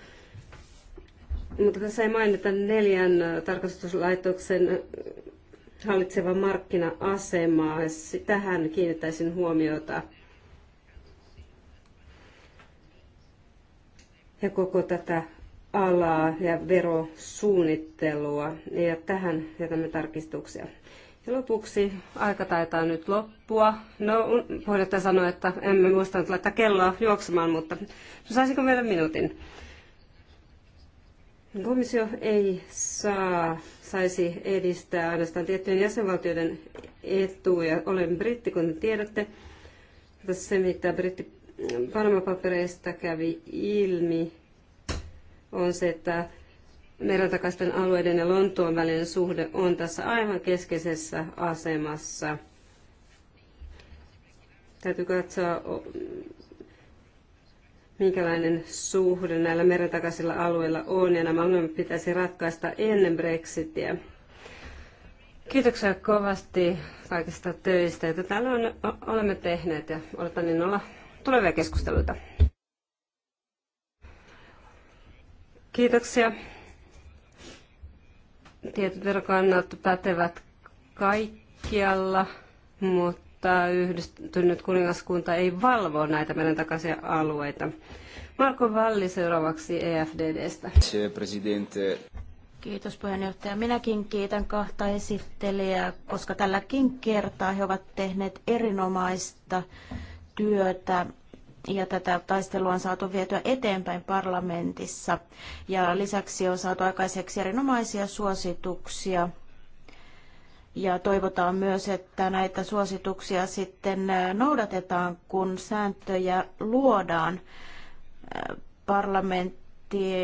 mutta tässä ei mainita neljän tarkastuslaitoksen hallitseva markkina-asemaa. Tähän kiinnittäisin huomiota. ja koko tätä alaa ja verosuunnittelua. Ja tähän jätämme tarkistuksia. Ja lopuksi aika taitaa nyt loppua. No, puheenjohtaja sanoa, että emme muistanut laittaa kelloa juoksemaan, mutta no, saisinko vielä minuutin? Komissio ei saa, saisi edistää ainoastaan tiettyjen jäsenvaltioiden etuja. Olen britti, kuten tiedätte. Tässä se, mitä britti Panama-papereista kävi ilmi, on se, että merentakaisten alueiden ja Lontoon välinen suhde on tässä aivan keskeisessä asemassa. Täytyy katsoa, minkälainen suhde näillä merentakaisilla alueilla on, ja nämä ongelmat pitäisi ratkaista ennen Brexitiä. Kiitoksia kovasti kaikista töistä, joita täällä on, olemme tehneet, ja odotan olla tulevia keskusteluita. Kiitoksia. Tietoverokannat pätevät kaikkialla, mutta yhdistynyt kuningaskunta ei valvo näitä meidän takaisia alueita. Marko Valli seuraavaksi EFDDstä. Kiitos puheenjohtaja. Minäkin kiitän kahta esittelijää, koska tälläkin kertaa he ovat tehneet erinomaista työtä ja tätä taistelua on saatu vietyä eteenpäin parlamentissa. Ja lisäksi on saatu aikaiseksi erinomaisia suosituksia. Ja toivotaan myös, että näitä suosituksia sitten noudatetaan, kun sääntöjä luodaan. Parlamentti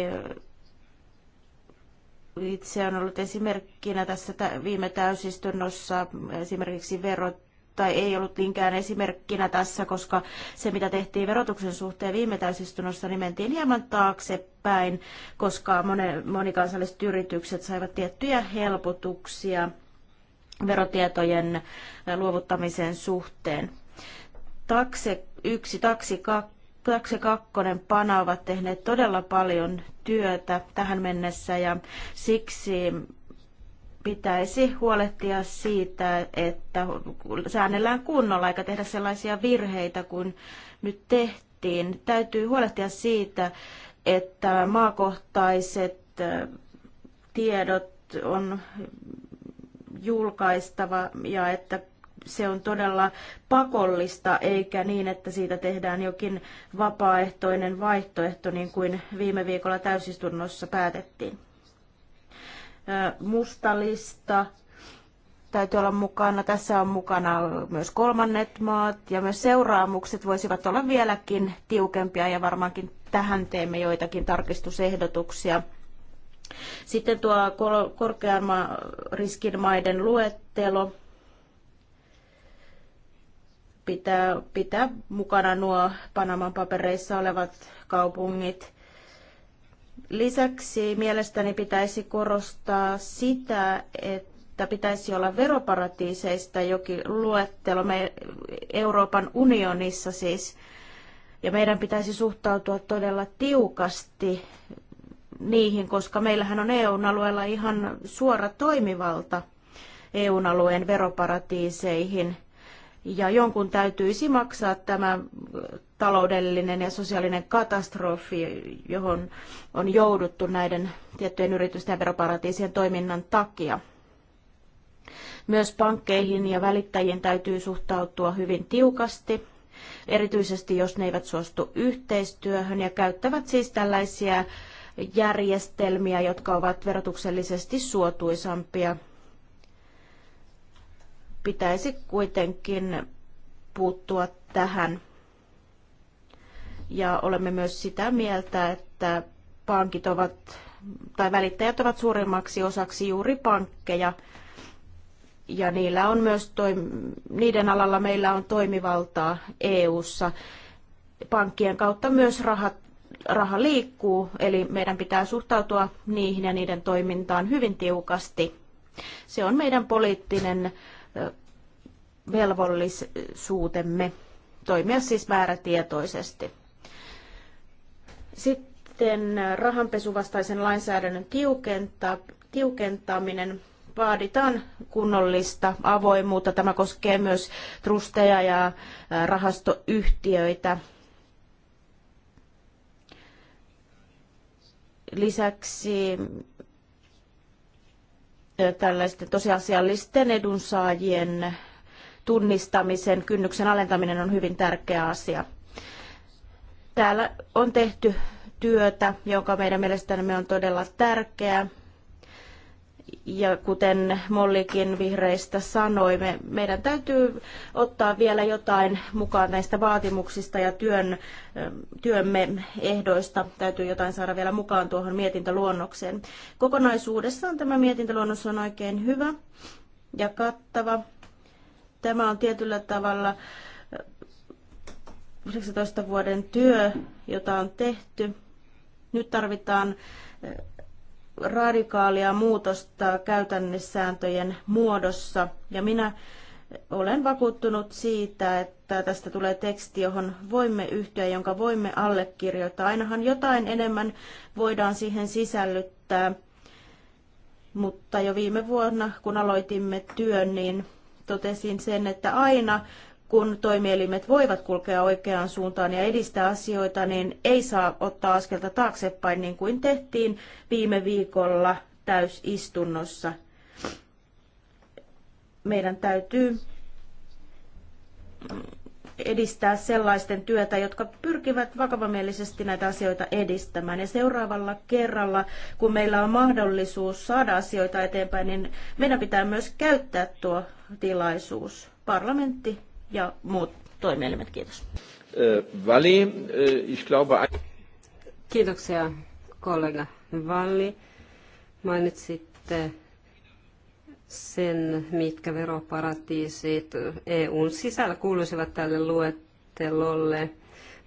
itse on ollut esimerkkinä tässä viime täysistunnossa esimerkiksi verot tai ei ollut linkään esimerkkinä tässä, koska se mitä tehtiin verotuksen suhteen viime täysistunnossa, niin mentiin hieman taaksepäin, koska moni monikansalliset yritykset saivat tiettyjä helpotuksia verotietojen luovuttamisen suhteen. Takse 1, taksi 2, Taksi Kakkonen Pana ovat tehneet todella paljon työtä tähän mennessä ja siksi pitäisi huolehtia siitä, että säännellään kunnolla eikä tehdä sellaisia virheitä kuin nyt tehtiin. Täytyy huolehtia siitä, että maakohtaiset tiedot on julkaistava ja että se on todella pakollista, eikä niin, että siitä tehdään jokin vapaaehtoinen vaihtoehto, niin kuin viime viikolla täysistunnossa päätettiin mustalista täytyy olla mukana. Tässä on mukana myös kolmannet maat ja myös seuraamukset voisivat olla vieläkin tiukempia ja varmaankin tähän teemme joitakin tarkistusehdotuksia. Sitten tuo korkean riskin maiden luettelo pitää, pitää mukana nuo Panaman papereissa olevat kaupungit. Lisäksi mielestäni pitäisi korostaa sitä, että pitäisi olla veroparatiiseista jokin luettelo me Euroopan unionissa siis. Ja meidän pitäisi suhtautua todella tiukasti niihin, koska meillähän on EU-alueella ihan suora toimivalta EU-alueen veroparatiiseihin ja jonkun täytyisi maksaa tämä taloudellinen ja sosiaalinen katastrofi, johon on jouduttu näiden tiettyjen yritysten ja veroparatiisien toiminnan takia. Myös pankkeihin ja välittäjiin täytyy suhtautua hyvin tiukasti, erityisesti jos ne eivät suostu yhteistyöhön ja käyttävät siis tällaisia järjestelmiä, jotka ovat verotuksellisesti suotuisampia pitäisi kuitenkin puuttua tähän. Ja olemme myös sitä mieltä, että pankit ovat, tai välittäjät ovat suurimmaksi osaksi juuri pankkeja, ja niillä on myös toim- niiden alalla meillä on toimivaltaa EU:ssa. Pankkien kautta myös rahat, raha liikkuu, eli meidän pitää suhtautua niihin ja niiden toimintaan hyvin tiukasti. Se on meidän poliittinen velvollisuutemme toimia siis määrätietoisesti. Sitten rahanpesuvastaisen lainsäädännön tiukentaminen. Vaaditaan kunnollista avoimuutta. Tämä koskee myös trusteja ja rahastoyhtiöitä. Lisäksi tällaisten tosiasiallisten edunsaajien tunnistamisen kynnyksen alentaminen on hyvin tärkeä asia. Täällä on tehty työtä, joka meidän mielestämme on todella tärkeää. Ja kuten Mollikin vihreistä sanoi, me, meidän täytyy ottaa vielä jotain mukaan näistä vaatimuksista ja työn, työmme ehdoista. Täytyy jotain saada vielä mukaan tuohon mietintöluonnokseen. Kokonaisuudessaan tämä mietintöluonnos on oikein hyvä ja kattava. Tämä on tietyllä tavalla 19 vuoden työ, jota on tehty. Nyt tarvitaan radikaalia muutosta käytännessääntöjen muodossa. Ja minä olen vakuuttunut siitä, että tästä tulee teksti, johon voimme yhtyä, jonka voimme allekirjoittaa. Ainahan jotain enemmän voidaan siihen sisällyttää, mutta jo viime vuonna, kun aloitimme työn, niin totesin sen, että aina kun toimielimet voivat kulkea oikeaan suuntaan ja edistää asioita, niin ei saa ottaa askelta taaksepäin, niin kuin tehtiin viime viikolla täysistunnossa. Meidän täytyy edistää sellaisten työtä, jotka pyrkivät vakavamielisesti näitä asioita edistämään. Ja seuraavalla kerralla, kun meillä on mahdollisuus saada asioita eteenpäin, niin meidän pitää myös käyttää tuo tilaisuus. Parlamentti ja muut toimielimet. Kiitos. Äh, Vali, äh, ich glaube... Kiitoksia kollega Valli. Mainitsitte sen, mitkä veroparatiisit EUn sisällä kuuluisivat tälle luettelolle.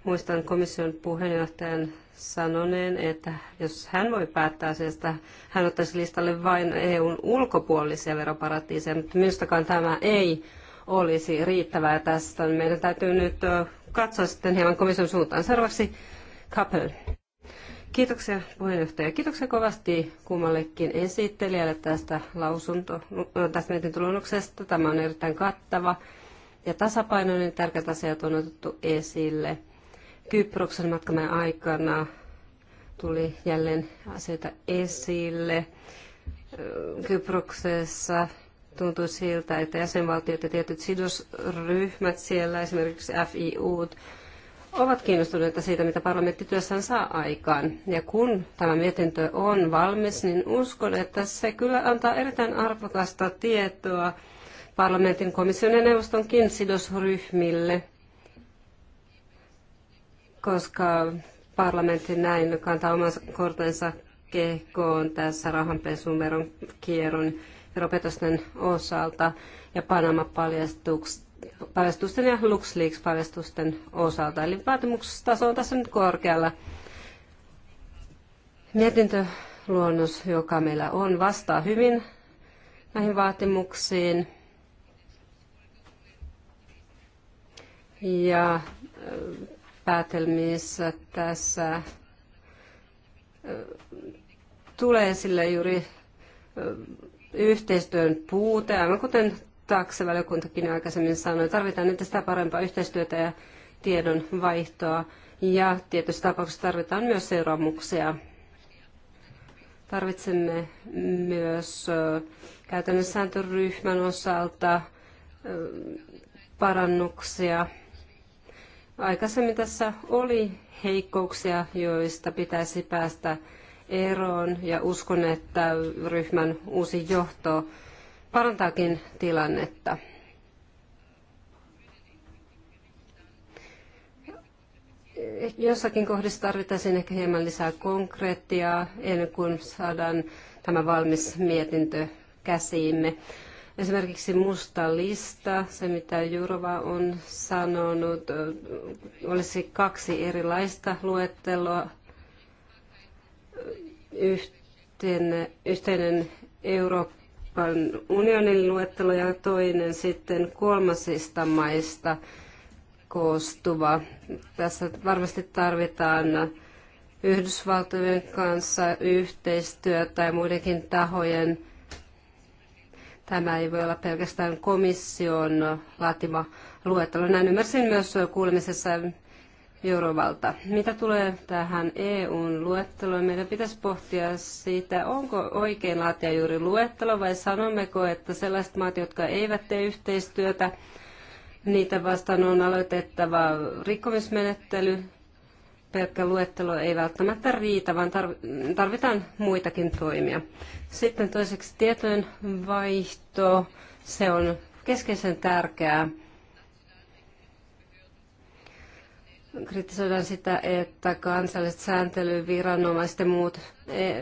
Muistan komission puheenjohtajan sanoneen, että jos hän voi päättää asiasta, hän ottaisi listalle vain EUn ulkopuolisia veroparatiiseja, mutta minustakaan tämä ei olisi riittävää tästä. Meidän täytyy nyt katsoa sitten hieman komission suuntaan. Seuraavaksi Kappel. Kiitoksia puheenjohtaja. Kiitoksia kovasti kummallekin esittelijälle tästä lausunto, tästä mietintöluonnoksesta. Tämä on erittäin kattava ja tasapainoinen. Tärkeät asiat on otettu esille. Kyproksen matkamme aikana tuli jälleen asioita esille. Kyproksessa tuntuu siltä, että jäsenvaltiot ja tietyt sidosryhmät siellä, esimerkiksi FIU, ovat kiinnostuneita siitä, mitä parlamenttityössään saa aikaan. Ja kun tämä mietintö on valmis, niin uskon, että se kyllä antaa erittäin arvokasta tietoa parlamentin, komission ja neuvostonkin sidosryhmille, koska parlamentti näin kantaa oman kortensa kehkoon tässä rahanpesun veron kierron veropetosten osalta ja Panama-paljastusten ja LuxLeaks-paljastusten osalta. Eli vaatimustaso on tässä nyt korkealla. Mietintöluonnos, joka meillä on, vastaa hyvin näihin vaatimuksiin. Ja päätelmissä tässä tulee sille juuri yhteistyön puute, aivan kuten taksivaliokuntakin aikaisemmin sanoi, tarvitaan entistä parempaa yhteistyötä ja tiedon vaihtoa. Ja tietyissä tapauksissa tarvitaan myös seuraamuksia. Tarvitsemme myös käytännön sääntöryhmän osalta parannuksia. Aikaisemmin tässä oli heikkouksia, joista pitäisi päästä eroon ja uskon, että ryhmän uusi johto parantaakin tilannetta. Jossakin kohdassa tarvittaisiin ehkä hieman lisää konkreettia, ennen kuin saadaan tämä valmis mietintö käsiimme. Esimerkiksi musta lista, se mitä Jurova on sanonut, olisi kaksi erilaista luetteloa yhteinen, yhteinen Euroopan unionin luettelo ja toinen sitten kolmasista maista koostuva. Tässä varmasti tarvitaan Yhdysvaltojen kanssa yhteistyötä tai muidenkin tahojen. Tämä ei voi olla pelkästään komission laatima luettelo. Näin ymmärsin myös kuulemisessa Eurovalta. Mitä tulee tähän EUn luetteloon, meidän pitäisi pohtia siitä, onko oikein laatia juuri luettelo vai sanommeko, että sellaiset maat, jotka eivät tee yhteistyötä, niitä vastaan on aloitettava rikkomismenettely. Pelkkä luettelo ei välttämättä riitä, vaan tarvitaan muitakin toimia. Sitten toiseksi tietojen vaihto, se on keskeisen tärkeää kritisoidaan sitä, että kansalliset sääntelyviranomaiset ja muut, e,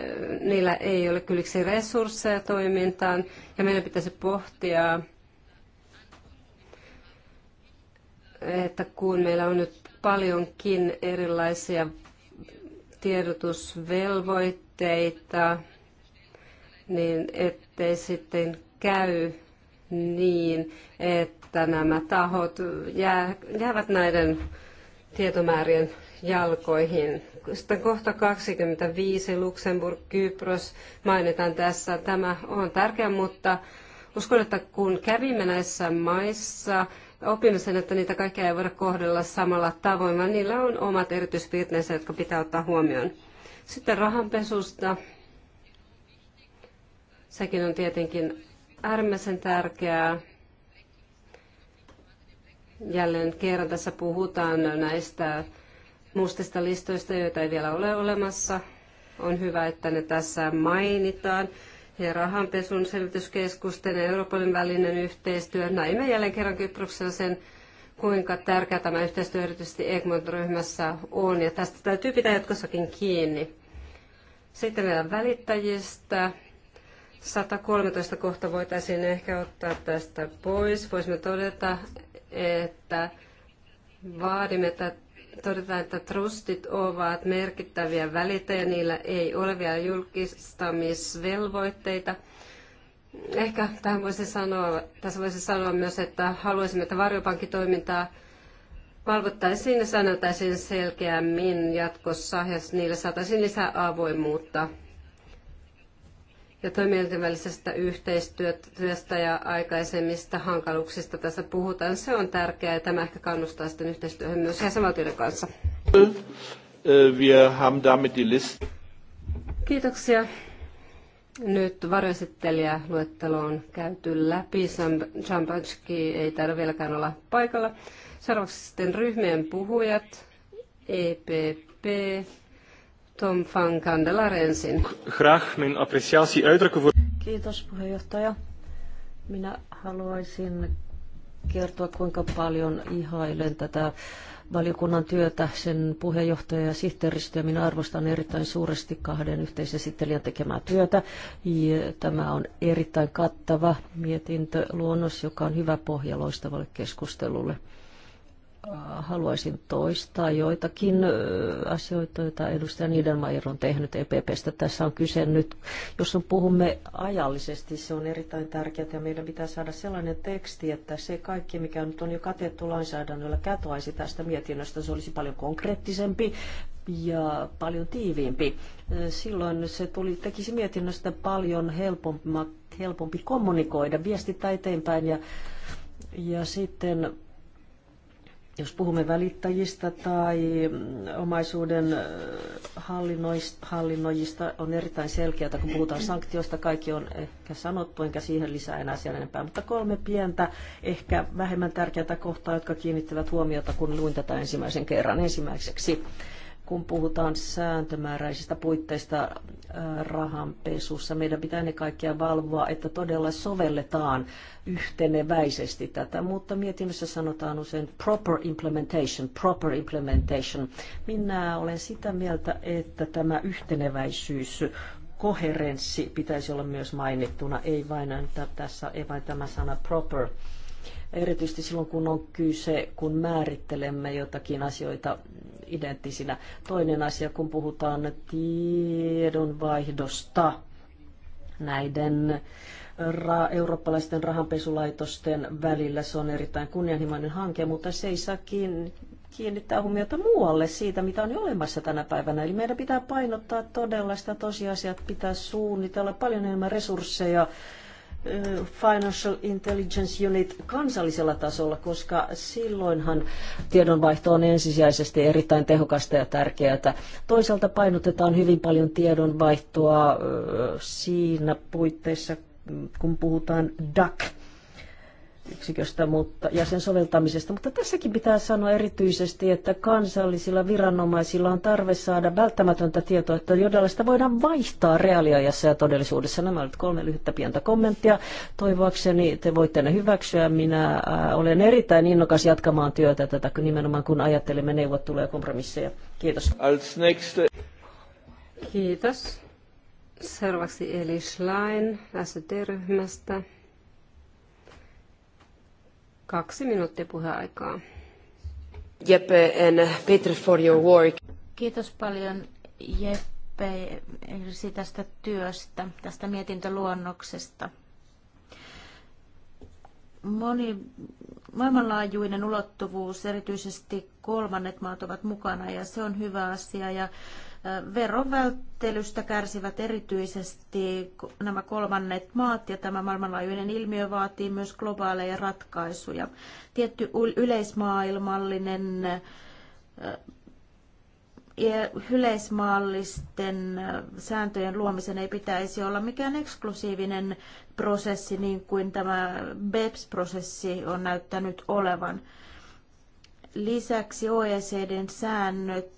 niillä ei ole kylliksi resursseja toimintaan ja meidän pitäisi pohtia, että kun meillä on nyt paljonkin erilaisia tiedotusvelvoitteita, niin ettei sitten käy niin, että nämä tahot jää, jäävät näiden tietomäärien jalkoihin. Sitten kohta 25, Luxemburg, Kypros mainitaan tässä. Tämä on tärkeä, mutta uskon, että kun kävimme näissä maissa, opimme sen, että niitä kaikkia ei voida kohdella samalla tavoin, vaan niillä on omat erityispiirteensä, jotka pitää ottaa huomioon. Sitten rahanpesusta. Sekin on tietenkin äärimmäisen tärkeää. Jälleen kerran tässä puhutaan näistä mustista listoista, joita ei vielä ole olemassa. On hyvä, että ne tässä mainitaan. Ja rahanpesun selvityskeskusten ja Euroopan välinen yhteistyö. Näimme jälleen kerran Kyproksella sen, kuinka tärkeä tämä yhteistyö erityisesti Egmont-ryhmässä on. Ja tästä täytyy pitää jatkossakin kiinni. Sitten meidän välittäjistä. 113 kohta voitaisiin ehkä ottaa tästä pois. Voisimme todeta, että vaadimme, että todetaan, että trustit ovat merkittäviä välittäjiä, niillä ei ole vielä julkistamisvelvoitteita. Ehkä tähän voisi sanoa, tässä voisi sanoa myös, että haluaisimme, että varjopankkitoimintaa valvottaisiin ja sanotaisiin selkeämmin jatkossa ja niille saataisiin lisää avoimuutta ja toimijoiden yhteistyöstä ja aikaisemmista hankaluuksista tässä puhutaan. Se on tärkeää ja tämä ehkä kannustaa sitten yhteistyöhön myös jäsenvaltioiden kanssa. Kiitoksia. Nyt varjoesittelijä luettelo on käyty läpi. Chambatski ei taida vieläkään olla paikalla. Seuraavaksi sitten ryhmien puhujat. EPP, Tom van ensin. Graag mijn appreciatie uitdrukken voor... Kiitos puheenjohtaja. Minä haluaisin kertoa, kuinka paljon ihailen tätä valiokunnan työtä, sen puheenjohtaja ja sihteeristö, ja minä arvostan erittäin suuresti kahden yhteisesittelijän tekemää työtä. Ja tämä on erittäin kattava mietintöluonnos, joka on hyvä pohja loistavalle keskustelulle. Äh, haluaisin toistaa joitakin äh, asioita, joita edustaja Niedermayer on tehnyt EPPstä. Tässä on kyse nyt, jos on puhumme ajallisesti, se on erittäin tärkeää ja meidän pitää saada sellainen teksti, että se kaikki, mikä nyt on jo katettu lainsäädännöllä, katoaisi tästä mietinnöstä. Se olisi paljon konkreettisempi ja paljon tiiviimpi. Äh, silloin se tuli, tekisi mietinnöstä paljon helpompi, helpompi kommunikoida, viestittää eteenpäin ja, ja sitten jos puhumme välittäjistä tai mm, omaisuuden äh, hallinnoijista, on erittäin selkeää, kun puhutaan sanktioista, kaikki on ehkä sanottu, enkä siihen lisää enää sen enempää. Mutta kolme pientä, ehkä vähemmän tärkeää kohtaa, jotka kiinnittävät huomiota, kun luin tätä ensimmäisen kerran ensimmäiseksi kun puhutaan sääntömääräisistä puitteista äh, rahanpesussa, meidän pitää ne kaikkia valvoa, että todella sovelletaan yhteneväisesti tätä, mutta mietinnössä sanotaan usein proper implementation, proper implementation. Minä olen sitä mieltä, että tämä yhteneväisyys koherenssi pitäisi olla myös mainittuna, ei vain, tässä, ei vain tämä sana proper erityisesti silloin kun on kyse, kun määrittelemme jotakin asioita identtisinä. Toinen asia, kun puhutaan tiedonvaihdosta näiden ra- eurooppalaisten rahanpesulaitosten välillä, se on erittäin kunnianhimoinen hanke, mutta se ei saa kiinnittää huomiota muualle siitä, mitä on jo olemassa tänä päivänä. Eli meidän pitää painottaa todella sitä tosiasiaa, että pitää suunnitella paljon enemmän resursseja Eh, Financial Intelligence Unit kansallisella tasolla, koska silloinhan tiedonvaihto on ensisijaisesti erittäin tehokasta ja tärkeää. Toisaalta painotetaan hyvin paljon tiedonvaihtoa eh, siinä puitteissa, kun puhutaan DAC yksiköstä mutta, ja sen soveltamisesta, mutta tässäkin pitää sanoa erityisesti, että kansallisilla viranomaisilla on tarve saada välttämätöntä tietoa, että jolla voidaan vaihtaa reaaliajassa ja todellisuudessa. Nämä olivat kolme lyhyttä pientä kommenttia. Toivoakseni te voitte ne hyväksyä. Minä äh, olen erittäin innokas jatkamaan työtä tätä, kun nimenomaan kun ajattelemme neuvotteluja ja kompromisseja. Kiitos. Kiitos. Seuraavaksi Eli Schlein, SD-ryhmästä. Kaksi minuuttia puheaikaa. Jeppe and Peter for your work. Kiitos paljon Jeppe Irsi tästä työstä, tästä mietintöluonnoksesta. Moni, maailmanlaajuinen ulottuvuus, erityisesti kolmannet maat ovat mukana ja se on hyvä asia ja Verovälttelystä kärsivät erityisesti nämä kolmannet maat ja tämä maailmanlaajuinen ilmiö vaatii myös globaaleja ratkaisuja. Tietty yleismaailmallinen yleismaallisten sääntöjen luomisen ei pitäisi olla mikään eksklusiivinen prosessi, niin kuin tämä BEPS-prosessi on näyttänyt olevan. Lisäksi OECDn säännöt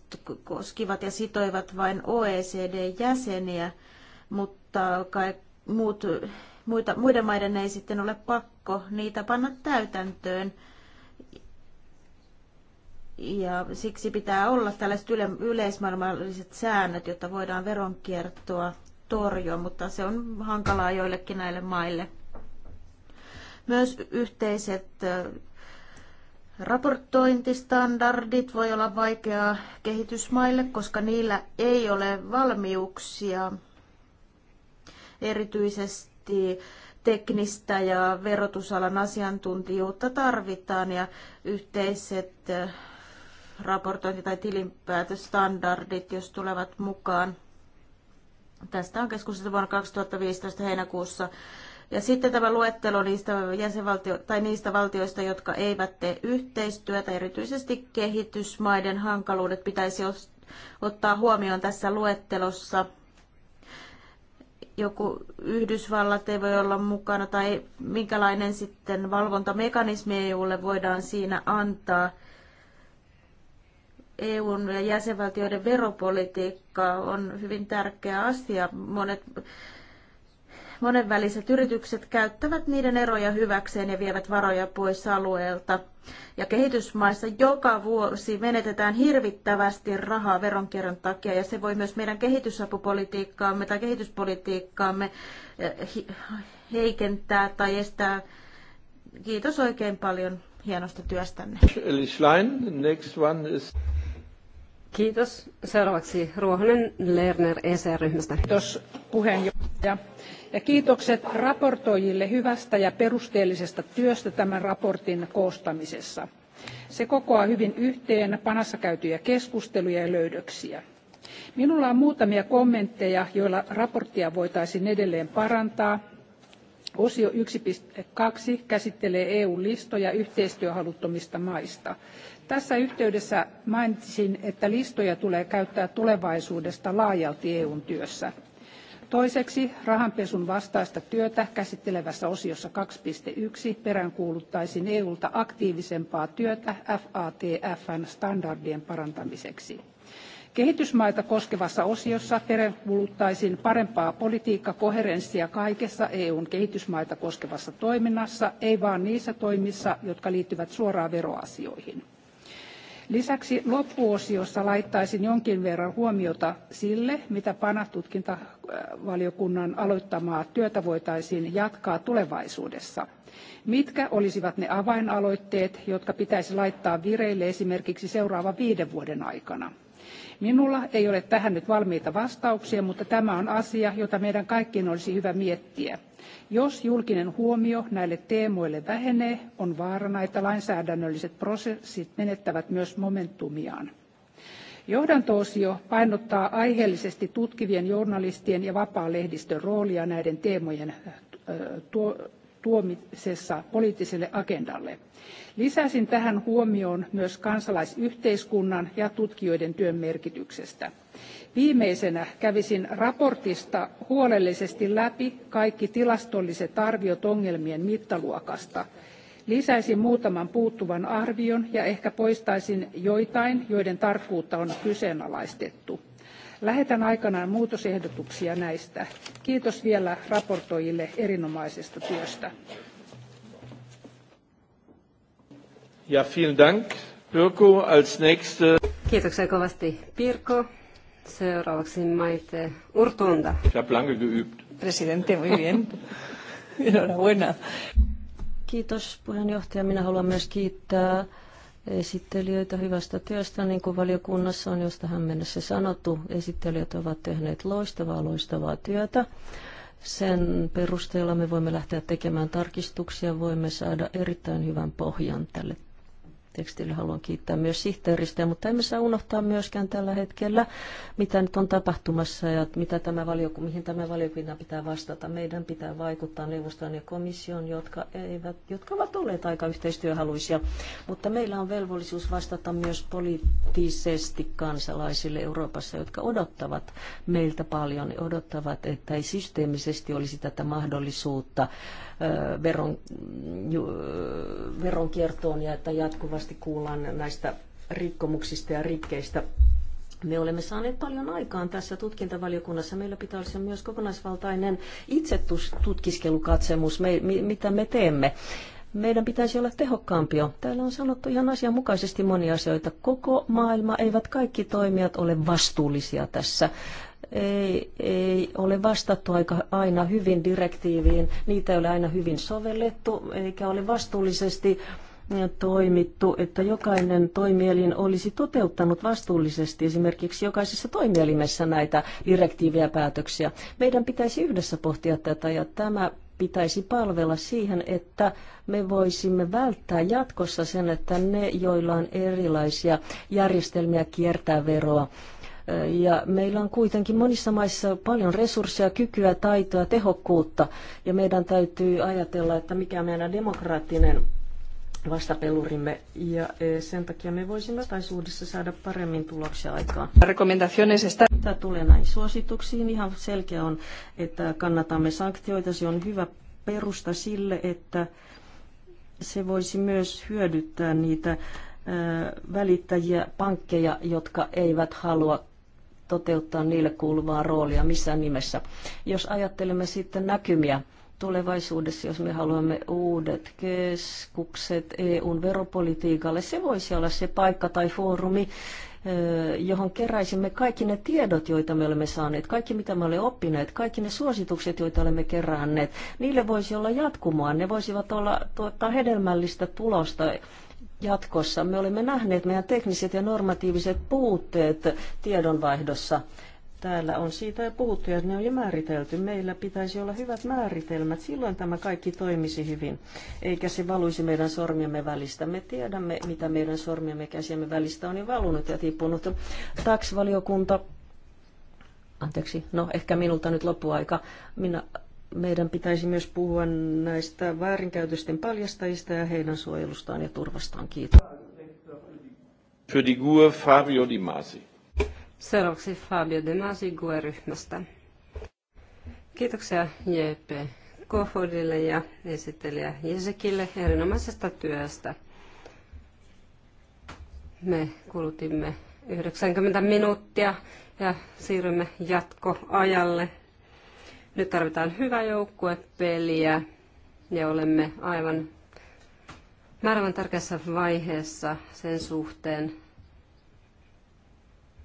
koskivat ja sitoivat vain OECD-jäseniä, mutta kai muut, muita, muiden maiden ei sitten ole pakko niitä panna täytäntöön. Ja siksi pitää olla tällaiset yle, yleismaailmalliset säännöt, jotta voidaan veronkiertoa torjua, mutta se on hankalaa joillekin näille maille. Myös yhteiset Raportointistandardit voi olla vaikeaa kehitysmaille, koska niillä ei ole valmiuksia erityisesti teknistä ja verotusalan asiantuntijuutta tarvitaan ja yhteiset eh, raportointi- tai tilinpäätöstandardit, jos tulevat mukaan. Tästä on keskusteltu vuonna 2015 heinäkuussa ja sitten tämä luettelo niistä, jäsenvaltio- tai niistä valtioista, jotka eivät tee yhteistyötä, erityisesti kehitysmaiden hankaluudet pitäisi ottaa huomioon tässä luettelossa. Joku Yhdysvallat ei voi olla mukana tai minkälainen sitten valvontamekanismi EUlle voidaan siinä antaa. EUn ja jäsenvaltioiden veropolitiikka on hyvin tärkeä asia. Monet monenväliset yritykset käyttävät niiden eroja hyväkseen ja vievät varoja pois alueelta. Ja kehitysmaissa joka vuosi menetetään hirvittävästi rahaa veronkierron takia ja se voi myös meidän kehitysapupolitiikkaamme tai kehityspolitiikkaamme eh, heikentää tai estää. Kiitos oikein paljon hienosta työstänne. Schlein, next one is... Kiitos. Seuraavaksi Ruohonen Lerner ECR-ryhmästä. Kiitos puheenjohtaja. Ja kiitokset raportoijille hyvästä ja perusteellisesta työstä tämän raportin koostamisessa. Se kokoaa hyvin yhteen panassa käytyjä keskusteluja ja löydöksiä. Minulla on muutamia kommentteja, joilla raporttia voitaisiin edelleen parantaa. Osio 1.2 käsittelee EU-listoja yhteistyöhaluttomista maista. Tässä yhteydessä mainitsin, että listoja tulee käyttää tulevaisuudesta laajalti EUn työssä. Toiseksi rahanpesun vastaista työtä käsittelevässä osiossa 2.1 eu EUlta aktiivisempaa työtä FATFn standardien parantamiseksi. Kehitysmaita koskevassa osiossa peräänkuuluttaisin parempaa politiikkakoherenssia kaikessa EUn kehitysmaita koskevassa toiminnassa, ei vain niissä toimissa, jotka liittyvät suoraan veroasioihin. Lisäksi loppuosiossa laittaisin jonkin verran huomiota sille, mitä PANA-tutkintavaliokunnan aloittamaa työtä voitaisiin jatkaa tulevaisuudessa. Mitkä olisivat ne avainaloitteet, jotka pitäisi laittaa vireille esimerkiksi seuraavan viiden vuoden aikana? Minulla ei ole tähän nyt valmiita vastauksia, mutta tämä on asia, jota meidän kaikkien olisi hyvä miettiä. Jos julkinen huomio näille teemoille vähenee, on vaarana, että lainsäädännölliset prosessit menettävät myös momentumiaan. Johdantoosio painottaa aiheellisesti tutkivien journalistien ja vapaa lehdistön roolia näiden teemojen tuomisessa poliittiselle agendalle lisäisin tähän huomioon myös kansalaisyhteiskunnan ja tutkijoiden työn merkityksestä. viimeisenä kävisin raportista huolellisesti läpi kaikki tilastolliset arviot ongelmien mittaluokasta. lisäisin muutaman puuttuvan arvion ja ehkä poistaisin joitain joiden tarkkuutta on kyseenalaistettu. Lähetän aikanaan muutosehdotuksia näistä. Kiitos vielä raportoijille erinomaisesta työstä. Ja, vielen Dank, Pirko. Als nächste... Kiitoksia kovasti, Pirko. Seuraavaksi Maite Urtunda. Ich habe lange geübt. Presidente, muy bien. Enhorabuena. Kiitos puheenjohtaja. Minä haluan myös kiittää esittelijöitä hyvästä työstä, niin kuin valiokunnassa on, jo hän mennessä sanottu. Esittelijät ovat tehneet loistavaa, loistavaa työtä. Sen perusteella me voimme lähteä tekemään tarkistuksia, voimme saada erittäin hyvän pohjan tälle tekstille. Haluan kiittää myös sihteeristä, mutta emme saa unohtaa myöskään tällä hetkellä, mitä nyt on tapahtumassa ja mitä tämä valioku, mihin tämä valiokunta pitää vastata. Meidän pitää vaikuttaa neuvoston ja komission, jotka, eivät, jotka ovat olleet aika yhteistyöhaluisia, mutta meillä on velvollisuus vastata myös poliittisesti kansalaisille Euroopassa, jotka odottavat meiltä paljon, ja odottavat, että ei systeemisesti olisi tätä mahdollisuutta veron, veronkiertoon ja että jatkuvasti jatkuvasti kuullaan näistä rikkomuksista ja rikkeistä. Me olemme saaneet paljon aikaan tässä tutkintavaliokunnassa. Meillä pitää olla myös kokonaisvaltainen itsetutkiskelukatsemus, me, mitä me teemme meidän pitäisi olla tehokkaampia. Täällä on sanottu ihan asianmukaisesti monia asioita. Koko maailma, eivät kaikki toimijat ole vastuullisia tässä. Ei, ei ole vastattu aika, aina hyvin direktiiviin, niitä ei ole aina hyvin sovellettu, eikä ole vastuullisesti äh, toimittu, että jokainen toimielin olisi toteuttanut vastuullisesti esimerkiksi jokaisessa toimielimessä näitä direktiivejä päätöksiä. Meidän pitäisi yhdessä pohtia tätä ja tämä pitäisi palvella siihen, että me voisimme välttää jatkossa sen, että ne, joilla on erilaisia järjestelmiä kiertää veroa, ja meillä on kuitenkin monissa maissa paljon resursseja, kykyä, taitoa, tehokkuutta. Ja meidän täytyy ajatella, että mikä meidän demokraattinen vastapelurimme ja e, sen takia me voisimme taisuudessa saada paremmin tuloksia aikaan. Mitä tulee näihin suosituksiin, ihan selkeä on, että kannatamme sanktioita. Se on hyvä perusta sille, että se voisi myös hyödyttää niitä e, välittäjiä, pankkeja, jotka eivät halua toteuttaa niille kuuluvaa roolia missään nimessä. Jos ajattelemme sitten näkymiä, tulevaisuudessa, jos me haluamme uudet keskukset EUn veropolitiikalle, se voisi olla se paikka tai foorumi, eh, johon keräisimme kaikki ne tiedot, joita me olemme saaneet, kaikki mitä me olemme oppineet, kaikki ne suositukset, joita olemme keränneet. Niille voisi olla jatkumoa, ne voisivat olla tuottaa hedelmällistä tulosta jatkossa. Me olemme nähneet meidän tekniset ja normatiiviset puutteet tiedonvaihdossa. Täällä on siitä jo puhuttu ja ne on jo määritelty. Meillä pitäisi olla hyvät määritelmät. Silloin tämä kaikki toimisi hyvin, eikä se valuisi meidän sormiemme välistä. Me tiedämme, mitä meidän sormiemme käsiemme välistä on jo valunut ja tippunut. Taksivaliokunta, anteeksi, no ehkä minulta nyt loppuaika. Minä, meidän pitäisi myös puhua näistä väärinkäytösten paljastajista ja heidän suojelustaan ja turvastaan. Kiitos. E Fabio Di Masi. Seuraavaksi Fabio De Masi GUE-ryhmästä. Kiitoksia JP Kofodille ja esittelijä Jesekille erinomaisesta työstä. Me kulutimme 90 minuuttia ja siirrymme jatkoajalle. Nyt tarvitaan hyvä peliä ja olemme aivan määrävän tärkeässä vaiheessa sen suhteen,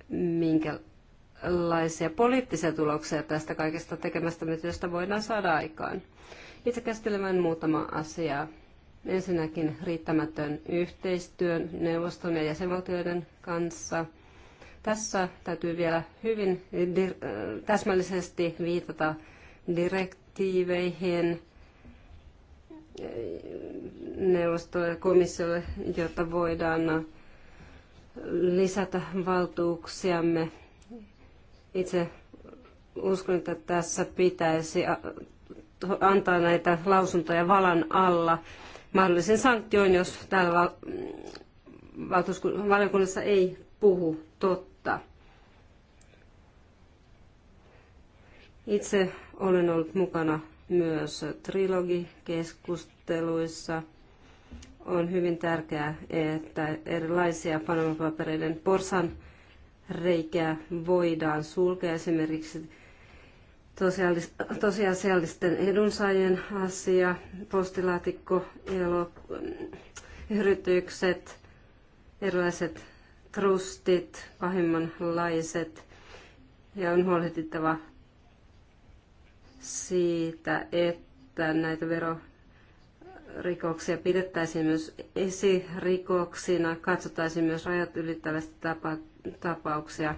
minkälaisia poliittisia tuloksia tästä kaikesta tekemästämme työstä voidaan saada aikaan. Itse käsittelemään muutama asia. Ensinnäkin riittämätön yhteistyön neuvoston ja jäsenvaltioiden kanssa. Tässä täytyy vielä hyvin äh, täsmällisesti viitata direktiiveihin äh, neuvostolle ja komissiolle, jotta voidaan lisätä valtuuksiamme. Itse uskon, että tässä pitäisi antaa näitä lausuntoja valan alla mahdollisen sanktioin, jos täällä valiokunnassa ei puhu totta. Itse olen ollut mukana myös trilogikeskusteluissa – on hyvin tärkeää, että erilaisia panomapapereiden porsan reikää voidaan sulkea esimerkiksi tosiasiallisten edunsaajien asia, postilaatikko, yritykset, erilaiset trustit, pahimmanlaiset ja on huolehdittava siitä, että näitä vero rikoksia pidettäisiin myös esirikoksina, katsottaisiin myös rajat ylittävästi tapa, tapauksia.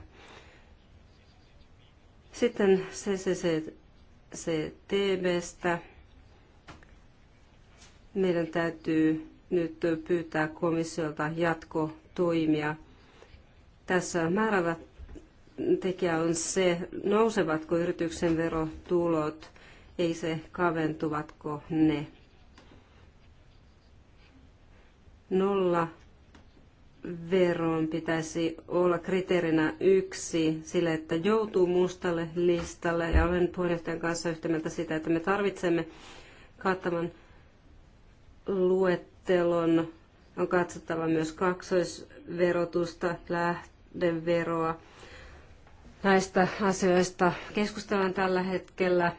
Sitten CCCTBstä meidän täytyy nyt pyytää komissiolta jatkotoimia. Tässä määrävä tekijä on se, nousevatko yrityksen verotulot, ei se kaventuvatko ne. Nolla veroon pitäisi olla kriteerinä yksi sille, että joutuu mustalle listalle. Ja olen puheenjohtajan kanssa yhtä mieltä sitä, että me tarvitsemme kattavan luettelon. On katsottava myös kaksoisverotusta, lähdeveroa. Näistä asioista keskustellaan tällä hetkellä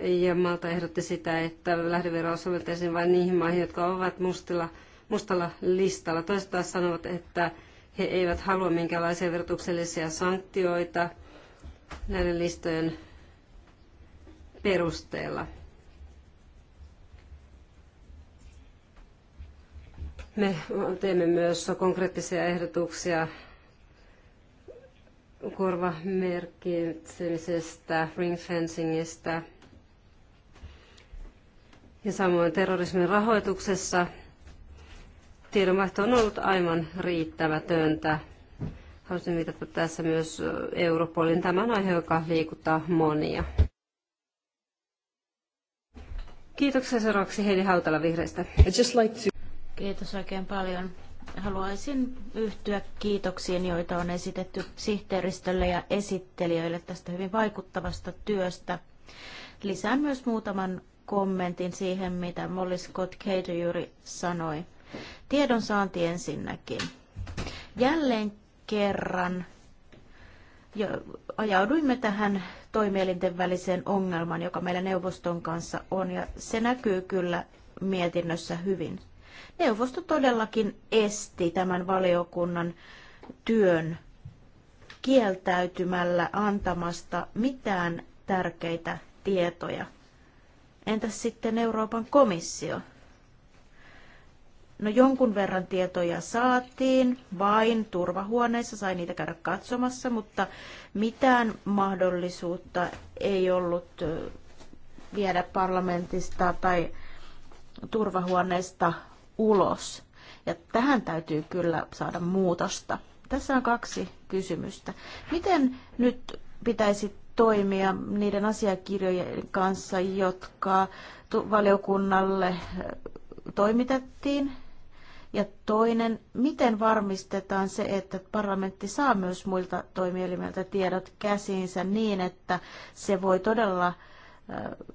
ja Malta ehdotti sitä, että lähdeveroa soveltaisiin vain niihin maihin, jotka ovat mustilla, mustalla listalla. Toiset taas sanovat, että he eivät halua minkälaisia verotuksellisia sanktioita näiden listojen perusteella. Me teemme myös konkreettisia ehdotuksia korvamerkitsemisestä, ring fencingistä, ja samoin terrorismin rahoituksessa tiedonvaihto on ollut aivan riittämätöntä. Haluaisin viitata tässä myös Europolin. tämän aihe, joka liikuttaa monia. Kiitoksia seuraavaksi Heidi Hautala vihreistä. Kiitos oikein paljon. Haluaisin yhtyä kiitoksiin, joita on esitetty sihteeristölle ja esittelijöille tästä hyvin vaikuttavasta työstä. Lisään myös muutaman kommentin siihen, mitä Molly Scott Cater juuri sanoi. saanti ensinnäkin. Jälleen kerran jo, ajauduimme tähän toimielinten väliseen ongelmaan, joka meillä neuvoston kanssa on, ja se näkyy kyllä mietinnössä hyvin. Neuvosto todellakin esti tämän valiokunnan työn kieltäytymällä antamasta mitään tärkeitä tietoja. Entäs sitten Euroopan komissio? No jonkun verran tietoja saatiin, vain turvahuoneissa sai niitä käydä katsomassa, mutta mitään mahdollisuutta ei ollut viedä parlamentista tai turvahuoneesta ulos. Ja tähän täytyy kyllä saada muutosta. Tässä on kaksi kysymystä. Miten nyt pitäisi toimia niiden asiakirjojen kanssa, jotka valiokunnalle eh, toimitettiin? Ja toinen, miten varmistetaan se, että parlamentti saa myös muilta toimielimiltä tiedot käsiinsä niin, että se voi todella eh,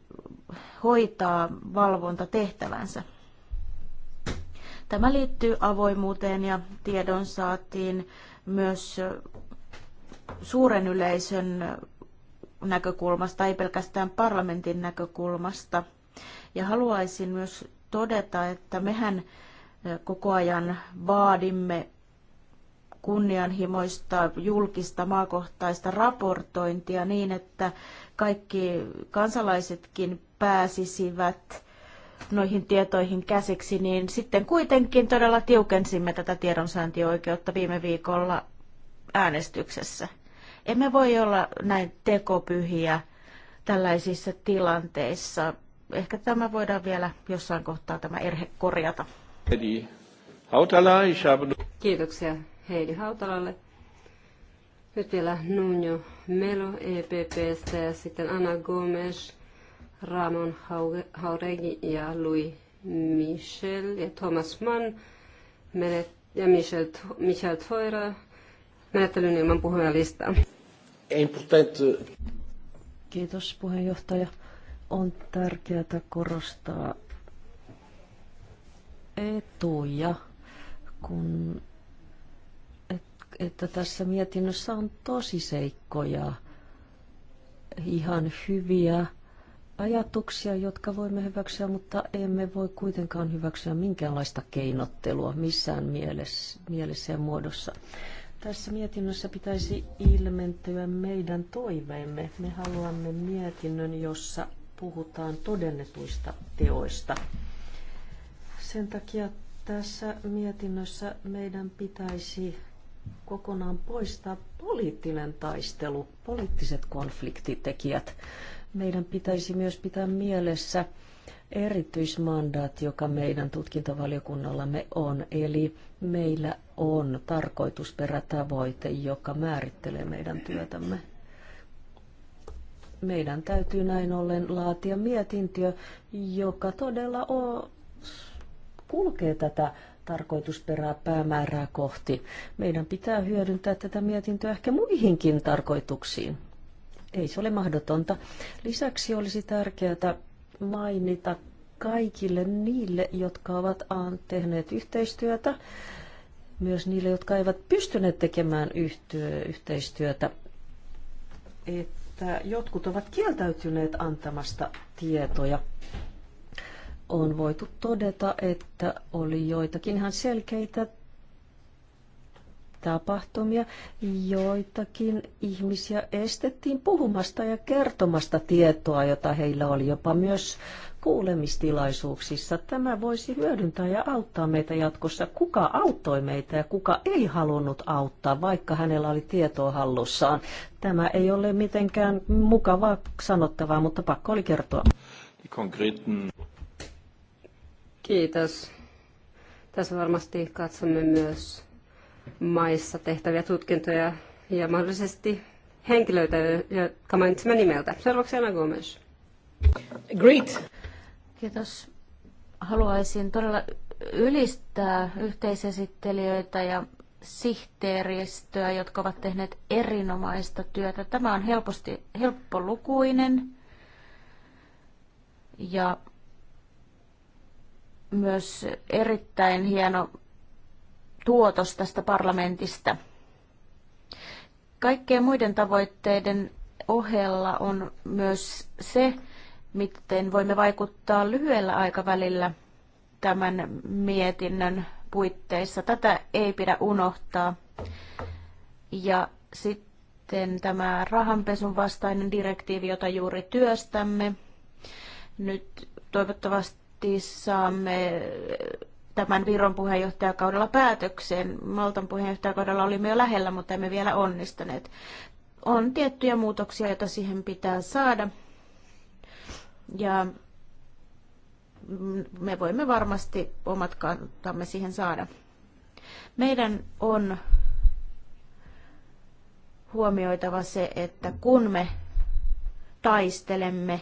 hoitaa valvontatehtävänsä? Tämä liittyy avoimuuteen ja tiedon saatiin myös eh, suuren yleisön näkökulmasta, ei pelkästään parlamentin näkökulmasta. Ja haluaisin myös todeta, että mehän koko ajan vaadimme kunnianhimoista julkista maakohtaista raportointia niin, että kaikki kansalaisetkin pääsisivät noihin tietoihin käsiksi, niin sitten kuitenkin todella tiukensimme tätä tiedonsaantioikeutta viime viikolla äänestyksessä. Emme voi olla näin tekopyhiä tällaisissa tilanteissa. Ehkä tämä voidaan vielä jossain kohtaa tämä erhe korjata. Kiitoksia Heidi Hautalalle. Nyt vielä Nuno Melo EPPstä ja sitten Anna Gomes, Ramon Hauregi ja Louis Michel ja Thomas Mann ja Michel, Michel Teurer menettelyn ilman puhujalistaa. Kiitos puheenjohtaja. On tärkeää korostaa etuja, kun, et, että tässä mietinnössä on tosi seikkoja, ihan hyviä ajatuksia, jotka voimme hyväksyä, mutta emme voi kuitenkaan hyväksyä minkäänlaista keinottelua missään mielessä, mielessä ja muodossa. Tässä mietinnössä pitäisi ilmentyä meidän toiveemme. Me haluamme mietinnön, jossa puhutaan todennetuista teoista. Sen takia tässä mietinnössä meidän pitäisi kokonaan poistaa poliittinen taistelu, poliittiset konfliktitekijät. Meidän pitäisi myös pitää mielessä erityismandaat, joka meidän tutkintavaliokunnallamme on. Eli meillä on tarkoitusperätavoite, joka määrittelee meidän työtämme. Meidän täytyy näin ollen laatia mietintiö, joka todella on, kulkee tätä tarkoitusperää päämäärää kohti. Meidän pitää hyödyntää tätä mietintöä ehkä muihinkin tarkoituksiin. Ei se ole mahdotonta. Lisäksi olisi tärkeää mainita kaikille niille, jotka ovat tehneet yhteistyötä myös niille, jotka eivät pystyneet tekemään yhtyö, yhteistyötä, että jotkut ovat kieltäytyneet antamasta tietoja. On voitu todeta, että oli joitakin ihan selkeitä tapahtumia. Joitakin ihmisiä estettiin puhumasta ja kertomasta tietoa, jota heillä oli jopa myös kuulemistilaisuuksissa. Tämä voisi hyödyntää ja auttaa meitä jatkossa. Kuka auttoi meitä ja kuka ei halunnut auttaa, vaikka hänellä oli tietoa hallussaan. Tämä ei ole mitenkään mukavaa sanottavaa, mutta pakko oli kertoa. Kiitos. Tässä varmasti katsomme myös maissa tehtäviä tutkintoja ja mahdollisesti henkilöitä, jotka mainitsimme nimeltä. Seuraavaksi Anna Gomes. Great. Kiitos. Haluaisin todella ylistää yhteisesittelijöitä ja sihteeristöä, jotka ovat tehneet erinomaista työtä. Tämä on helposti, helppolukuinen ja myös erittäin hieno tuotos tästä parlamentista. Kaikkien muiden tavoitteiden ohella on myös se, miten voimme vaikuttaa lyhyellä aikavälillä tämän mietinnön puitteissa. Tätä ei pidä unohtaa. Ja sitten tämä rahanpesun vastainen direktiivi, jota juuri työstämme. Nyt toivottavasti saamme tämän Viron puheenjohtajakaudella päätökseen. Maltan puheenjohtajakaudella olimme jo lähellä, mutta emme vielä onnistuneet. On tiettyjä muutoksia, joita siihen pitää saada. Ja me voimme varmasti omat kantamme siihen saada. Meidän on huomioitava se, että kun me taistelemme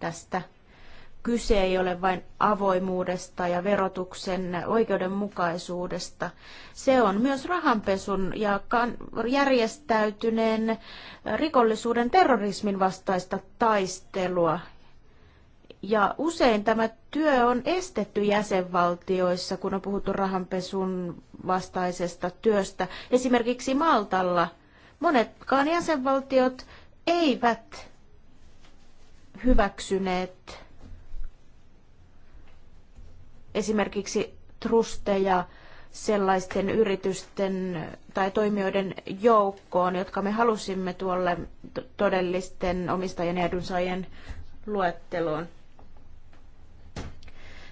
tästä kyse ei ole vain avoimuudesta ja verotuksen oikeudenmukaisuudesta. Se on myös rahanpesun ja järjestäytyneen rikollisuuden terrorismin vastaista taistelua. Ja usein tämä työ on estetty jäsenvaltioissa, kun on puhuttu rahanpesun vastaisesta työstä. Esimerkiksi Maltalla monetkaan jäsenvaltiot eivät hyväksyneet esimerkiksi trusteja sellaisten yritysten tai toimijoiden joukkoon, jotka me halusimme tuolle todellisten omistajien ja edunsaajien luetteloon.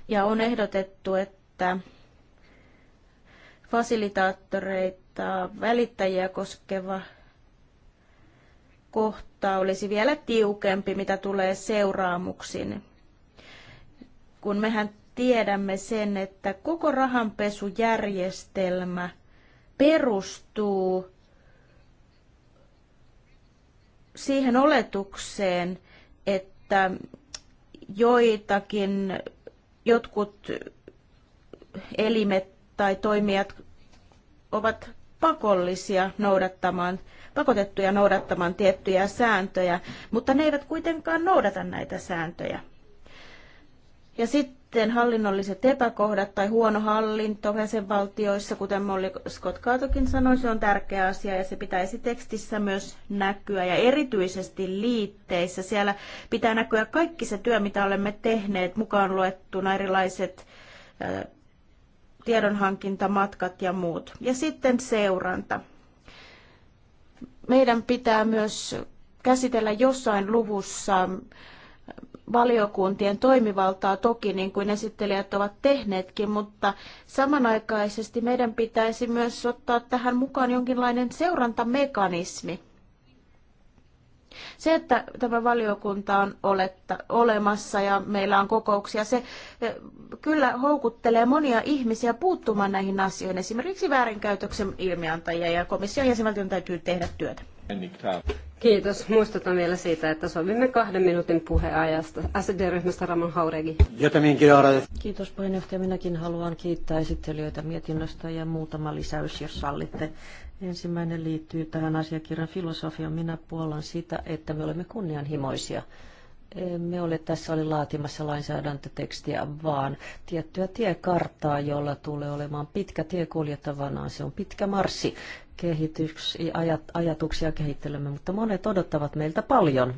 Ja on ehdotettu, että fasilitaattoreita, välittäjiä koskeva kohta olisi vielä tiukempi, mitä tulee seuraamuksiin. Kun mehän tiedämme sen, että koko rahanpesujärjestelmä perustuu siihen oletukseen, että joitakin jotkut elimet tai toimijat ovat pakollisia noudattamaan, pakotettuja noudattamaan tiettyjä sääntöjä, mutta ne eivät kuitenkaan noudata näitä sääntöjä. Ja sitten hallinnolliset epäkohdat tai huono hallinto jäsenvaltioissa, kuten Molly Scott Kaatokin sanoi, se on tärkeä asia ja se pitäisi tekstissä myös näkyä ja erityisesti liitteissä. Siellä pitää näkyä kaikki se työ, mitä olemme tehneet, mukaan luettuna erilaiset tiedonhankintamatkat ja muut. Ja sitten seuranta. Meidän pitää myös käsitellä jossain luvussa valiokuntien toimivaltaa toki, niin kuin esittelijät ovat tehneetkin, mutta samanaikaisesti meidän pitäisi myös ottaa tähän mukaan jonkinlainen seurantamekanismi. Se, että tämä valiokunta on oletta, olemassa ja meillä on kokouksia, se eh, kyllä houkuttelee monia ihmisiä puuttumaan näihin asioihin, esimerkiksi väärinkäytöksen ilmiantajia ja komission jäsenvaltion täytyy tehdä työtä. Kiitos. Muistutan vielä siitä, että sovimme kahden minuutin puheajasta. SD-ryhmästä Ramon Hauregi. Kiitos puheenjohtaja. Minäkin haluan kiittää esittelijöitä mietinnöstä ja muutama lisäys, jos sallitte. Ensimmäinen liittyy tähän asiakirjan filosofiaan. Minä puolan sitä, että me olemme kunnianhimoisia. Me ole tässä oli laatimassa lainsäädäntötekstiä, vaan tiettyä tiekarttaa, jolla tulee olemaan pitkä tie kuljettavanaan. Se on pitkä marssi kehityksiä, ajatuksia kehittelemme, mutta monet odottavat meiltä paljon.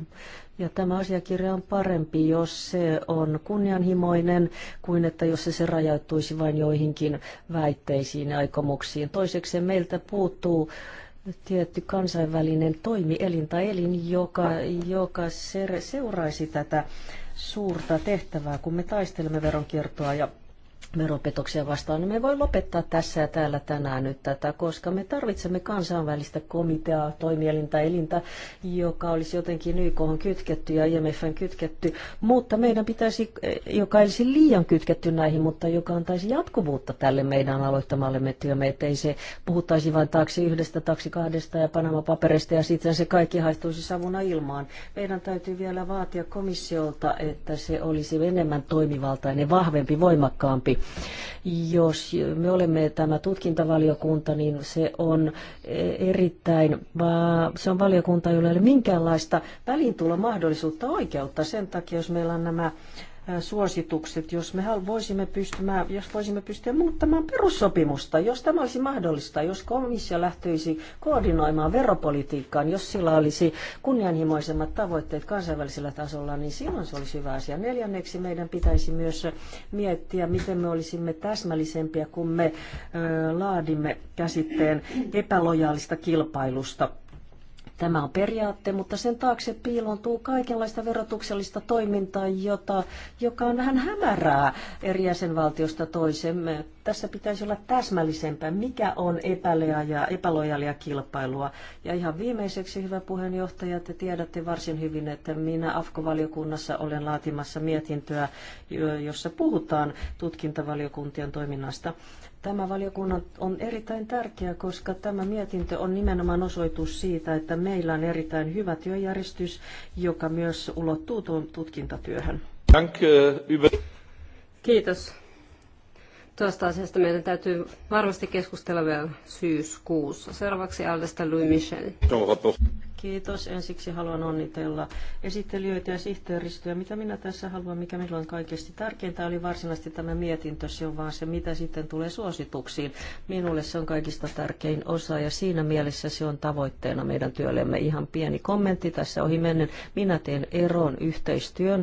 Ja tämä asiakirja on parempi, jos se on kunnianhimoinen, kuin että jos se, se rajoittuisi vain joihinkin väitteisiin ja aikomuksiin. Toiseksi meiltä puuttuu tietty kansainvälinen toimielin tai elin, joka, joka seuraisi tätä suurta tehtävää, kun me taistelemme veronkiertoa ja veropetoksia vastaan, niin me voi lopettaa tässä ja täällä tänään nyt tätä, koska me tarvitsemme kansainvälistä komiteaa, toimielintä, elintä, joka olisi jotenkin YK on kytketty ja on kytketty, mutta meidän pitäisi, eh, joka olisi liian kytketty näihin, mutta joka antaisi jatkuvuutta tälle meidän aloittamallemme työmme, ettei se puhuttaisi vain taksi yhdestä, taksi kahdesta ja Panama-paperista ja sitten se kaikki haistuisi savuna ilmaan. Meidän täytyy vielä vaatia komissiolta, että se olisi enemmän toimivaltainen, vahvempi, voimakkaampi jos me olemme tämä tutkintavaliokunta, niin se on erittäin, se on valiokunta, jolla ei ole minkäänlaista välintulomahdollisuutta oikeutta. Sen takia, jos meillä on nämä suositukset, jos me voisimme, pystymään, jos voisimme pystyä muuttamaan perussopimusta, jos tämä olisi mahdollista, jos komissio lähtöisi koordinoimaan veropolitiikkaan, jos sillä olisi kunnianhimoisemmat tavoitteet kansainvälisellä tasolla, niin silloin se olisi hyvä asia. Neljänneksi meidän pitäisi myös miettiä, miten me olisimme täsmällisempiä, kun me laadimme käsitteen epälojaalista kilpailusta Tämä on periaatte, mutta sen taakse piilontuu kaikenlaista verotuksellista toimintaa, jota, joka on vähän hämärää eri jäsenvaltiosta toisemme. Tässä pitäisi olla täsmällisempää, mikä on epäleä ja epälojaalia kilpailua. Ja ihan viimeiseksi, hyvä puheenjohtaja, te tiedätte varsin hyvin, että minä AFKO-valiokunnassa olen laatimassa mietintöä, jossa puhutaan tutkintavaliokuntien toiminnasta. Tämä valiokunnan on erittäin tärkeä, koska tämä mietintö on nimenomaan osoitus siitä, että meillä on erittäin hyvä työjärjestys, joka myös ulottuu tuon tutkintatyöhön. Eh, Kiitos. Tuosta asiasta meidän täytyy varmasti keskustella vielä syyskuussa. Seuraavaksi Aldesta Louis Michel. Kiitos. Ensiksi haluan onnitella esittelijöitä ja sihteeristöä. Mitä minä tässä haluan, mikä minulla on kaikesti tärkeintä, oli varsinaisesti tämä mietintö. Se on vaan se, mitä sitten tulee suosituksiin. Minulle se on kaikista tärkein osa ja siinä mielessä se on tavoitteena meidän työllemme. Ihan pieni kommentti tässä ohi mennen. Minä teen eron yhteistyön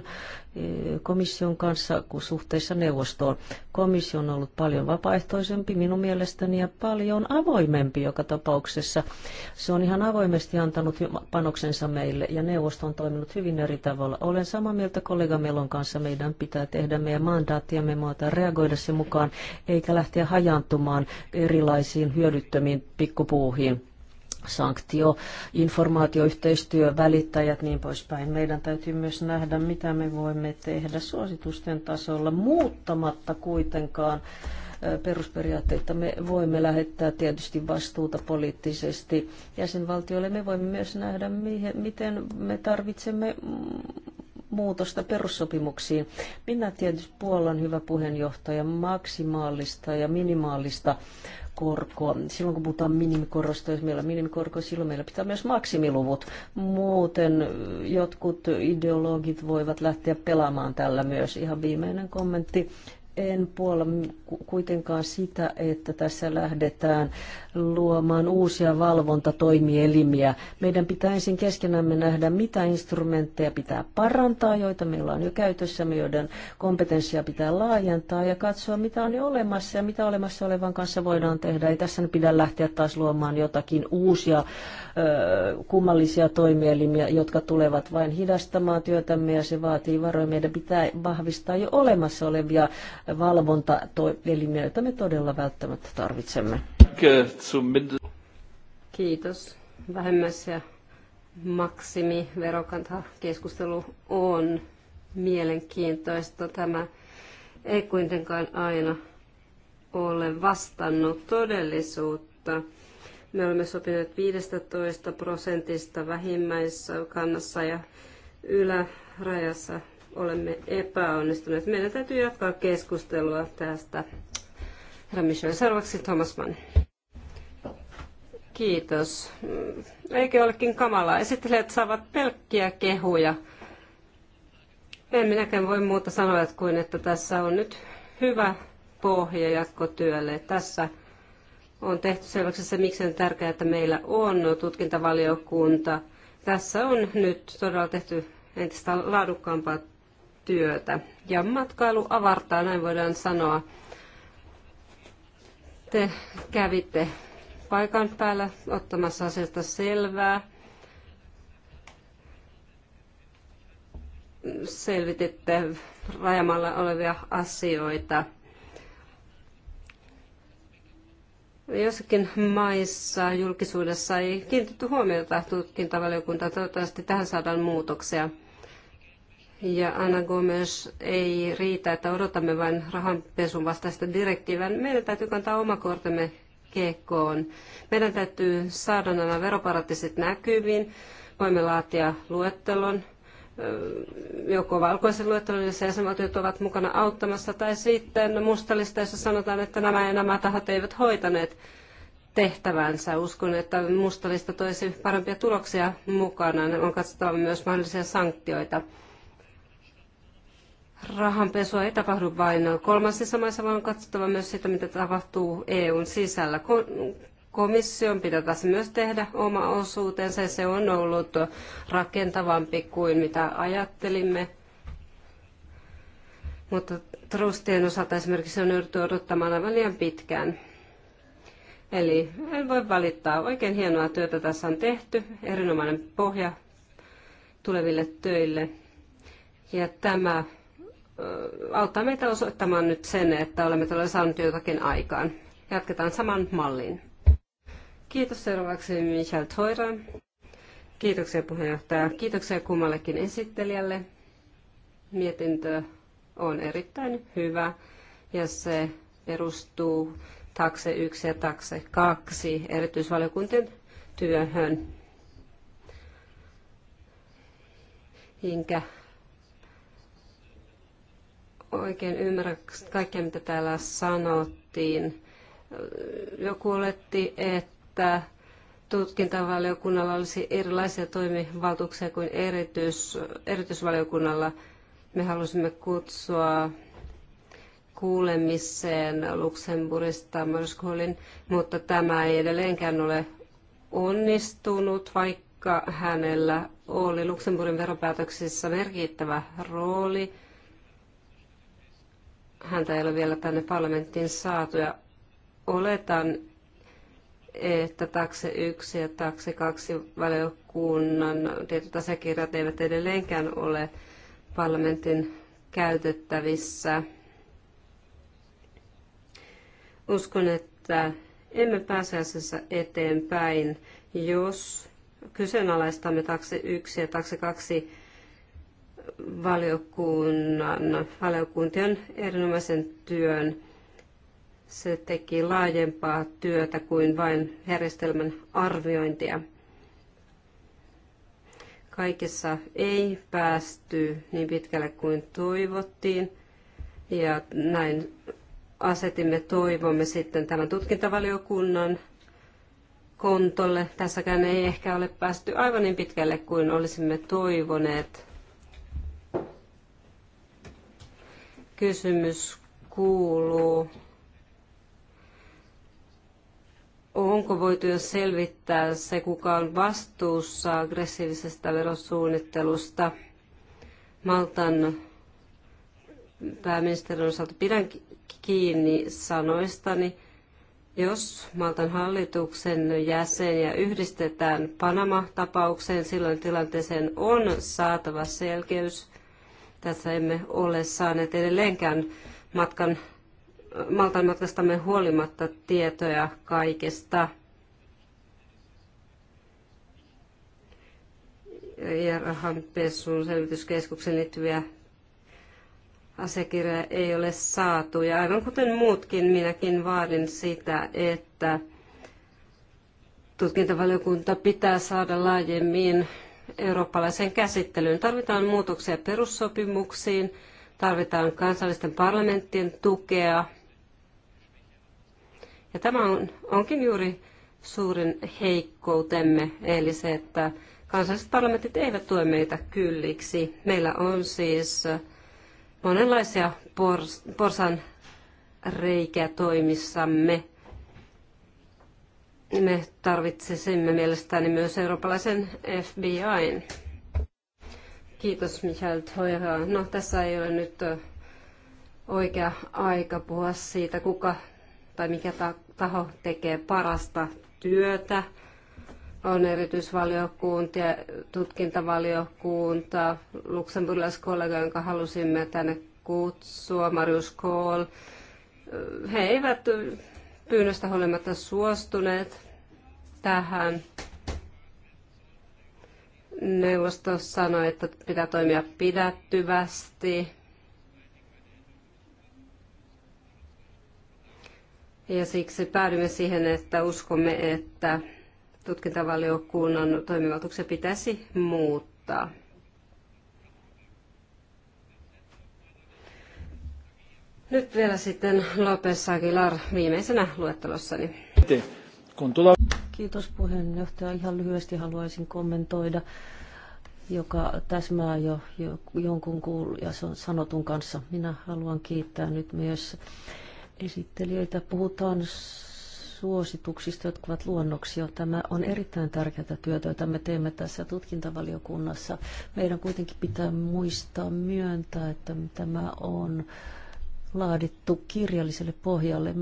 eh, komission kanssa kuin suhteessa neuvostoon. Komissio on ollut paljon vapaaehtoisempi minun mielestäni ja paljon avoimempi joka tapauksessa. Se on ihan avoimesti antanut panoksensa meille ja neuvosto on toiminut hyvin eri tavalla. Olen samaa mieltä kollega Melon kanssa. Meidän pitää tehdä meidän mandaattiamme maata reagoida sen mukaan, eikä lähteä hajantumaan erilaisiin hyödyttömiin pikkupuuhiin sanktio, informaatioyhteistyö, välittäjät, niin poispäin. Meidän täytyy myös nähdä, mitä me voimme tehdä suositusten tasolla muuttamatta kuitenkaan äh, perusperiaatteita. Me voimme lähettää tietysti vastuuta poliittisesti jäsenvaltioille. Me voimme myös nähdä, miten me tarvitsemme muutosta perussopimuksiin. Minä tietysti Puolan hyvä puheenjohtaja maksimaalista ja minimaalista korkoa. Silloin kun puhutaan minimikorosta, jos meillä on minimikorko, silloin meillä pitää myös maksimiluvut. Muuten jotkut ideologit voivat lähteä pelaamaan tällä myös. Ihan viimeinen kommentti en puolla kuitenkaan sitä, että tässä lähdetään luomaan uusia valvontatoimielimiä. Meidän pitää ensin keskenämme nähdä, mitä instrumentteja pitää parantaa, joita meillä on jo käytössä, joiden kompetenssia pitää laajentaa ja katsoa, mitä on jo olemassa ja mitä olemassa olevan kanssa voidaan tehdä. Ei tässä pidä lähteä taas luomaan jotakin uusia ö, kummallisia toimielimiä, jotka tulevat vain hidastamaan työtämme ja se vaatii varoja. Meidän pitää vahvistaa jo olemassa olevia valvontaelimiä, joita me todella välttämättä tarvitsemme. Kiitos. Vähemmäs ja maksimi verokanta-keskustelu on mielenkiintoista. Tämä ei kuitenkaan aina ole vastannut todellisuutta. Me olemme sopineet 15 prosentista vähimmäiskannassa ja ylärajassa olemme epäonnistuneet. Meidän täytyy jatkaa keskustelua tästä. Herra Michel, seuraavaksi Thomas Mann. Kiitos. Eikö olekin kamalaa? Esittelijät saavat pelkkiä kehuja. En minäkään voi muuta sanoa kuin, että tässä on nyt hyvä pohja jatkotyölle. Tässä on tehty selväksi se, miksi on tärkeää, että meillä on tutkintavaliokunta. Tässä on nyt todella tehty entistä laadukkaampaa työtä. Ja matkailu avartaa, näin voidaan sanoa. Te kävitte paikan päällä ottamassa asiasta selvää. Selvititte rajamalla olevia asioita. Jossakin maissa julkisuudessa ei kiinnitetty huomiota tutkintavaliokuntaan. Toivottavasti tähän saadaan muutoksia ja Anna Gomes ei riitä, että odotamme vain rahanpesun vastaista direktiivää. Meidän täytyy kantaa oma kortemme kekoon. Meidän täytyy saada nämä veroparatiisit näkyviin. Voimme laatia luettelon, joko valkoisen luettelon, jossa jäsenvaltiot ovat mukana auttamassa, tai sitten mustalista, jossa sanotaan, että nämä ja nämä tahot eivät hoitaneet tehtävänsä. Uskon, että mustalista toisi parempia tuloksia mukana. On katsottava myös mahdollisia sanktioita. Rahanpesua ei tapahdu vain kolmansissa maissa, vaan on katsottava myös sitä, mitä tapahtuu EUn sisällä. Komission pitää tässä myös tehdä oma osuutensa ja se on ollut rakentavampi kuin mitä ajattelimme. Mutta trustien osalta esimerkiksi on jouduttu odottamaan aivan liian pitkään. Eli en voi valittaa. Oikein hienoa työtä tässä on tehty. Erinomainen pohja tuleville töille. Ja tämä auttaa meitä osoittamaan nyt sen, että olemme todella saaneet jotakin aikaan. Jatketaan saman malliin. Kiitos seuraavaksi Michel Toira. Kiitoksia puheenjohtaja. Kiitoksia kummallekin esittelijälle. Mietintö on erittäin hyvä ja se perustuu takse 1 ja takse 2 erityisvaliokuntien työhön. Inkä oikein ymmärrä kaikkea, mitä täällä sanottiin. Joku oletti, että tutkintavaliokunnalla olisi erilaisia toimivaltuuksia kuin erityis, erityisvaliokunnalla. Me halusimme kutsua kuulemiseen Luxemburgista Mörskoolin, mutta tämä ei edelleenkään ole onnistunut, vaikka hänellä oli Luxemburgin veropäätöksissä merkittävä rooli – häntä ei ole vielä tänne parlamenttiin saatu ja oletan, että takse 1 ja takse 2 valiokunnan tietyt asiakirjat eivät edelleenkään ole parlamentin käytettävissä. Uskon, että emme pääse asiassa eteenpäin, jos kyseenalaistamme takse 1 ja takse 2 valiokunnan, valiokuntien erinomaisen työn. Se teki laajempaa työtä kuin vain järjestelmän arviointia. Kaikessa ei päästy niin pitkälle kuin toivottiin. Ja näin asetimme toivomme sitten tämän tutkintavaliokunnan kontolle. Tässäkään ei ehkä ole päästy aivan niin pitkälle kuin olisimme toivoneet. kysymys kuuluu, onko voitu jo selvittää se, kuka on vastuussa aggressiivisesta verosuunnittelusta. Maltan pääministerin osalta pidän kiinni sanoistani. Jos Maltan hallituksen jäseniä yhdistetään Panama-tapaukseen, silloin tilanteeseen on saatava selkeys – tässä emme ole saaneet edelleenkään matkan, Maltan matkastamme huolimatta tietoja kaikesta. Ja rahanpesuun selvityskeskuksen liittyviä asiakirjoja ei ole saatu. Ja aivan kuten muutkin, minäkin vaadin sitä, että tutkintavaliokunta pitää saada laajemmin eurooppalaiseen käsittelyyn. Tarvitaan muutoksia perussopimuksiin, tarvitaan kansallisten parlamenttien tukea. Ja tämä on, onkin juuri suurin heikkoutemme, eli se, että kansalliset parlamentit eivät tue meitä kylliksi. Meillä on siis monenlaisia pors, porsan reikä toimissamme. Me tarvitsisimme mielestäni myös eurooppalaisen FBIn. Kiitos Michael Toira. No tässä ei ole nyt oikea aika puhua siitä, kuka tai mikä taho tekee parasta työtä. On ja tutkintavaliokunta, luksemburilaiskollega, jonka halusimme tänne kutsua, Marius Kohl. He eivät pyynnöstä huolimatta suostuneet tähän. Neuvosto sanoi, että pitää toimia pidättyvästi. Ja siksi päädymme siihen, että uskomme, että tutkintavaliokunnan toimivaltuuksia pitäisi muuttaa. Nyt vielä sitten Lopes Aguilar viimeisenä luettelossani. Kiitos puheenjohtaja. Ihan lyhyesti haluaisin kommentoida, joka täsmää jo, jo jonkun kuul- ja sanotun kanssa. Minä haluan kiittää nyt myös esittelijöitä. Puhutaan suosituksista, jotka ovat luonnoksia. Tämä on erittäin tärkeää työtä, jota me teemme tässä tutkintavaliokunnassa. Meidän kuitenkin pitää muistaa myöntää, että tämä on laadittu kirjalliselle pohjalle,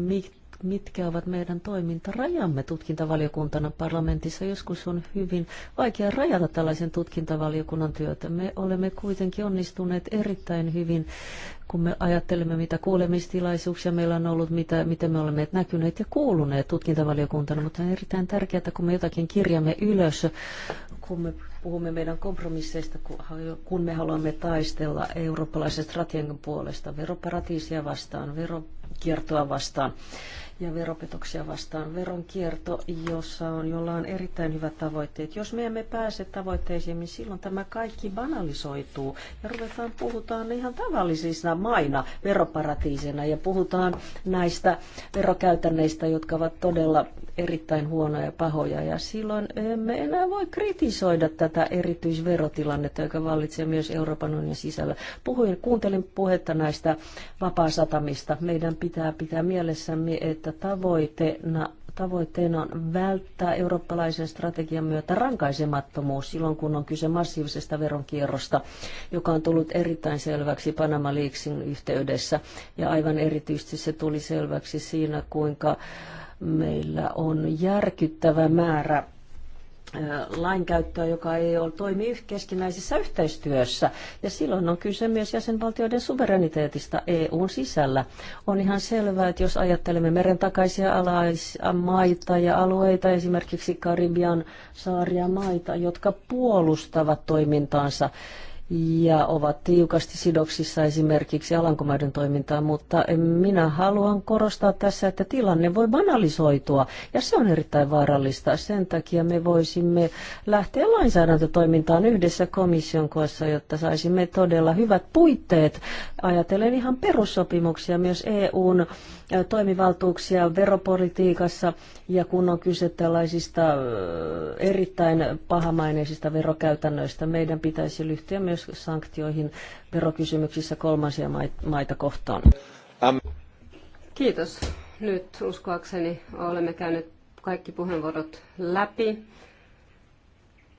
mitkä ovat meidän toimintarajamme tutkintavaliokuntana parlamentissa. Joskus on hyvin vaikea rajata tällaisen tutkintavaliokunnan työtä. Me olemme kuitenkin onnistuneet erittäin hyvin kun me ajattelemme, mitä kuulemistilaisuuksia meillä on ollut, mitä, miten me olemme näkyneet ja kuuluneet tutkintavaliokuntana, mutta on erittäin tärkeää, että kun me jotakin kirjamme ylös, kun me puhumme meidän kompromisseista, kun me haluamme taistella eurooppalaisen strategian puolesta, veroparatiisia vastaan, verokiertoa vastaan ja veropetoksia vastaan. Veronkierto, jossa on, jolla on erittäin hyvät tavoitteet. Jos me emme pääse tavoitteisiin, niin silloin tämä kaikki banalisoituu ja ruvetaan puhutaan ihan tavallisista pitää maina veroparatiisina ja puhutaan näistä verokäytänneistä, jotka ovat todella erittäin huonoja ja pahoja ja silloin emme eh, enää voi kritisoida tätä erityisverotilannetta, joka vallitsee myös Euroopan unionin sisällä. Puhuin, kuuntelin puhetta näistä vapaasatamista. Meidän pitää pitää mielessämme, että tavoitteena Tavoitteena on välttää eurooppalaisen strategian myötä rankaisemattomuus silloin, kun on kyse massiivisesta veronkierrosta, joka on tullut erittäin selväksi Panama Leaksin yhteydessä. Ja aivan erityisesti se tuli selväksi siinä, kuinka meillä on järkyttävä määrä lainkäyttöä, joka ei ole, toimi keskinäisessä yhteistyössä. Ja silloin on kyse myös jäsenvaltioiden suvereniteetista EUn sisällä. On ihan selvää, että jos ajattelemme meren takaisia alaisia maita ja alueita, esimerkiksi Karibian saaria maita, jotka puolustavat toimintaansa ja ovat tiukasti sidoksissa esimerkiksi Alankomaiden toimintaan, mutta minä haluan korostaa tässä, että tilanne voi banalisoitua ja se on erittäin vaarallista. Sen takia me voisimme lähteä lainsäädäntötoimintaan yhdessä komission kanssa, jotta saisimme todella hyvät puitteet. Ajatellen ihan perussopimuksia myös EUn toimivaltuuksia veropolitiikassa ja kun on kyse tällaisista erittäin pahamaineisista verokäytännöistä, meidän pitäisi lyhtyä myös sanktioihin verokysymyksissä kolmansia maita kohtaan. Kiitos. Nyt uskoakseni olemme käyneet kaikki puheenvuorot läpi.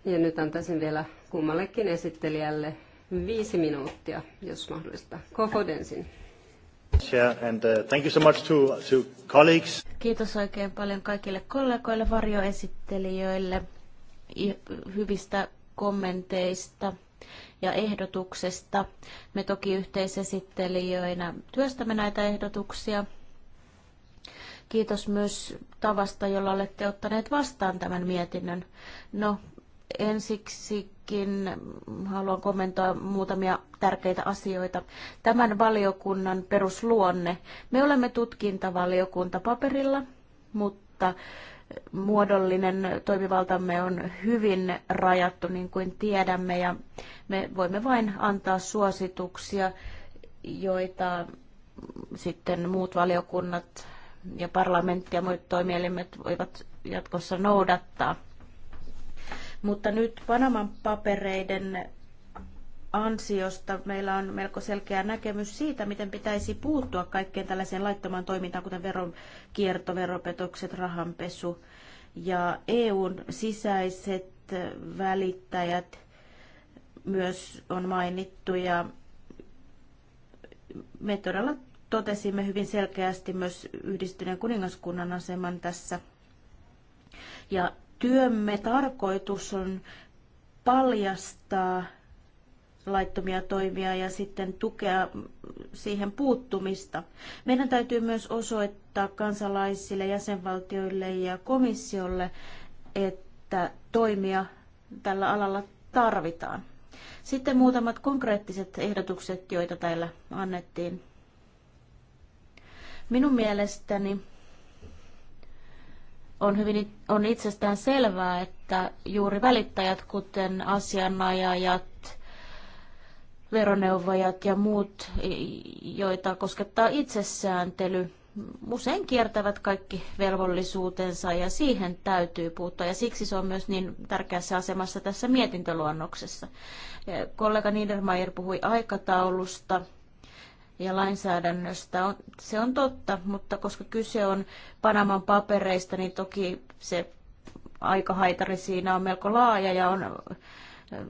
Ja nyt antaisin vielä kummallekin esittelijälle viisi minuuttia, jos mahdollista. Kofodensin. Kiitos oikein paljon kaikille kollegoille, varjoesittelijöille hyvistä kommenteista ja ehdotuksesta. Me toki yhteisesittelijöinä työstämme näitä ehdotuksia. Kiitos myös tavasta, jolla olette ottaneet vastaan tämän mietinnön. No, Ensiksikin haluan kommentoida muutamia tärkeitä asioita. Tämän valiokunnan perusluonne. Me olemme tutkintavaliokunta paperilla, mutta muodollinen toimivaltamme on hyvin rajattu, niin kuin tiedämme, ja me voimme vain antaa suosituksia, joita sitten muut valiokunnat ja parlamentti ja muut toimielimet voivat jatkossa noudattaa. Mutta nyt Panaman papereiden ansiosta meillä on melko selkeä näkemys siitä, miten pitäisi puuttua kaikkeen tällaiseen laittomaan toimintaan, kuten veronkierto, veropetokset, rahanpesu ja EUn sisäiset välittäjät myös on mainittu ja me todella totesimme hyvin selkeästi myös yhdistyneen kuningaskunnan aseman tässä. Ja Työmme tarkoitus on paljastaa laittomia toimia ja sitten tukea siihen puuttumista. Meidän täytyy myös osoittaa kansalaisille, jäsenvaltioille ja komissiolle, että toimia tällä alalla tarvitaan. Sitten muutamat konkreettiset ehdotukset, joita täällä annettiin. Minun mielestäni on hyvin on itsestään selvää, että juuri välittäjät, kuten asianajajat, veroneuvojat ja muut, joita koskettaa itsesääntely, usein kiertävät kaikki velvollisuutensa ja siihen täytyy puuttua. Ja siksi se on myös niin tärkeässä asemassa tässä mietintöluonnoksessa. Kollega Niedermayer puhui aikataulusta – ja lainsäädännöstä. On, se on totta, mutta koska kyse on Panaman papereista, niin toki se aikahaitari siinä on melko laaja ja on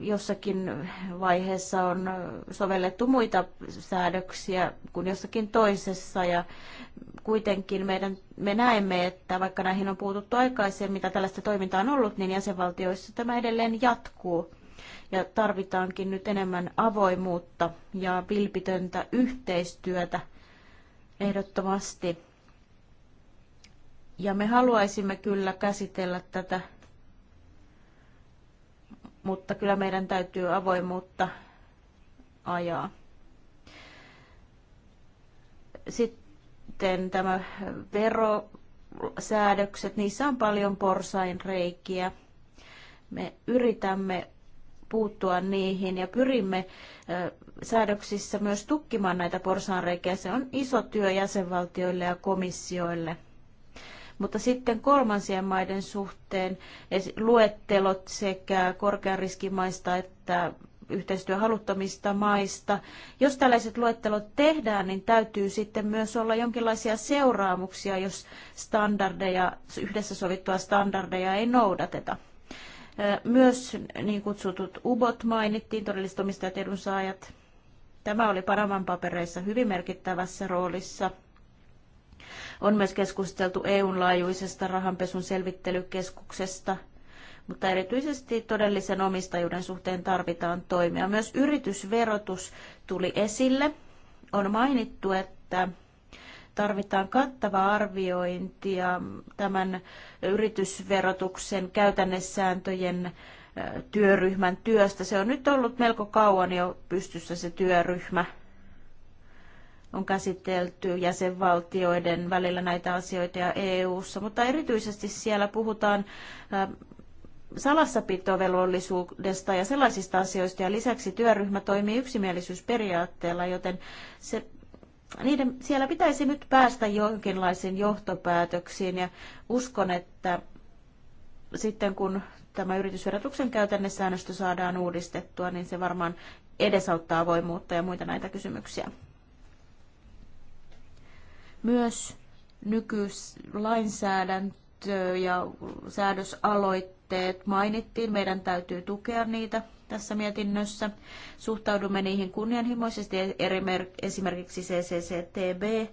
jossakin vaiheessa on sovellettu muita säädöksiä kuin jossakin toisessa ja kuitenkin meidän, me näemme, että vaikka näihin on puututtu aikaisemmin, mitä tällaista toimintaa on ollut, niin jäsenvaltioissa tämä edelleen jatkuu ja tarvitaankin nyt enemmän avoimuutta ja vilpitöntä yhteistyötä ehdottomasti. Ja me haluaisimme kyllä käsitellä tätä, mutta kyllä meidän täytyy avoimuutta ajaa. Sitten tämä verosäädökset, niissä on paljon porsainreikiä. Me yritämme puuttua niihin ja pyrimme säädöksissä myös tukkimaan näitä porsaanreikiä. Se on iso työ jäsenvaltioille ja komissioille. Mutta sitten kolmansien maiden suhteen luettelot sekä korkean riskimaista että yhteistyöhaluttomista maista. Jos tällaiset luettelot tehdään, niin täytyy sitten myös olla jonkinlaisia seuraamuksia, jos standardeja, yhdessä sovittua standardeja ei noudateta. Myös niin kutsutut UBOT mainittiin, todelliset omistajat edunsaajat. Tämä oli Paraman papereissa hyvin merkittävässä roolissa. On myös keskusteltu EUn laajuisesta rahanpesun selvittelykeskuksesta, mutta erityisesti todellisen omistajuuden suhteen tarvitaan toimia. Myös yritysverotus tuli esille. On mainittu, että tarvitaan arviointi arviointia tämän yritysverotuksen käytännessääntöjen työryhmän työstä. Se on nyt ollut melko kauan jo pystyssä se työryhmä. On käsitelty jäsenvaltioiden välillä näitä asioita ja EU-ssa, mutta erityisesti siellä puhutaan salassapitovelvollisuudesta ja sellaisista asioista, ja lisäksi työryhmä toimii yksimielisyysperiaatteella, joten se niiden, siellä pitäisi nyt päästä jonkinlaisiin johtopäätöksiin ja uskon, että sitten kun tämä yritysverotuksen käytännessäännöstö saadaan uudistettua, niin se varmaan edesauttaa avoimuutta ja muita näitä kysymyksiä. Myös nykylainsäädäntö ja säädösaloitteet mainittiin, meidän täytyy tukea niitä – tässä mietinnössä. Suhtaudumme niihin kunnianhimoisesti, esimerkiksi CCCTB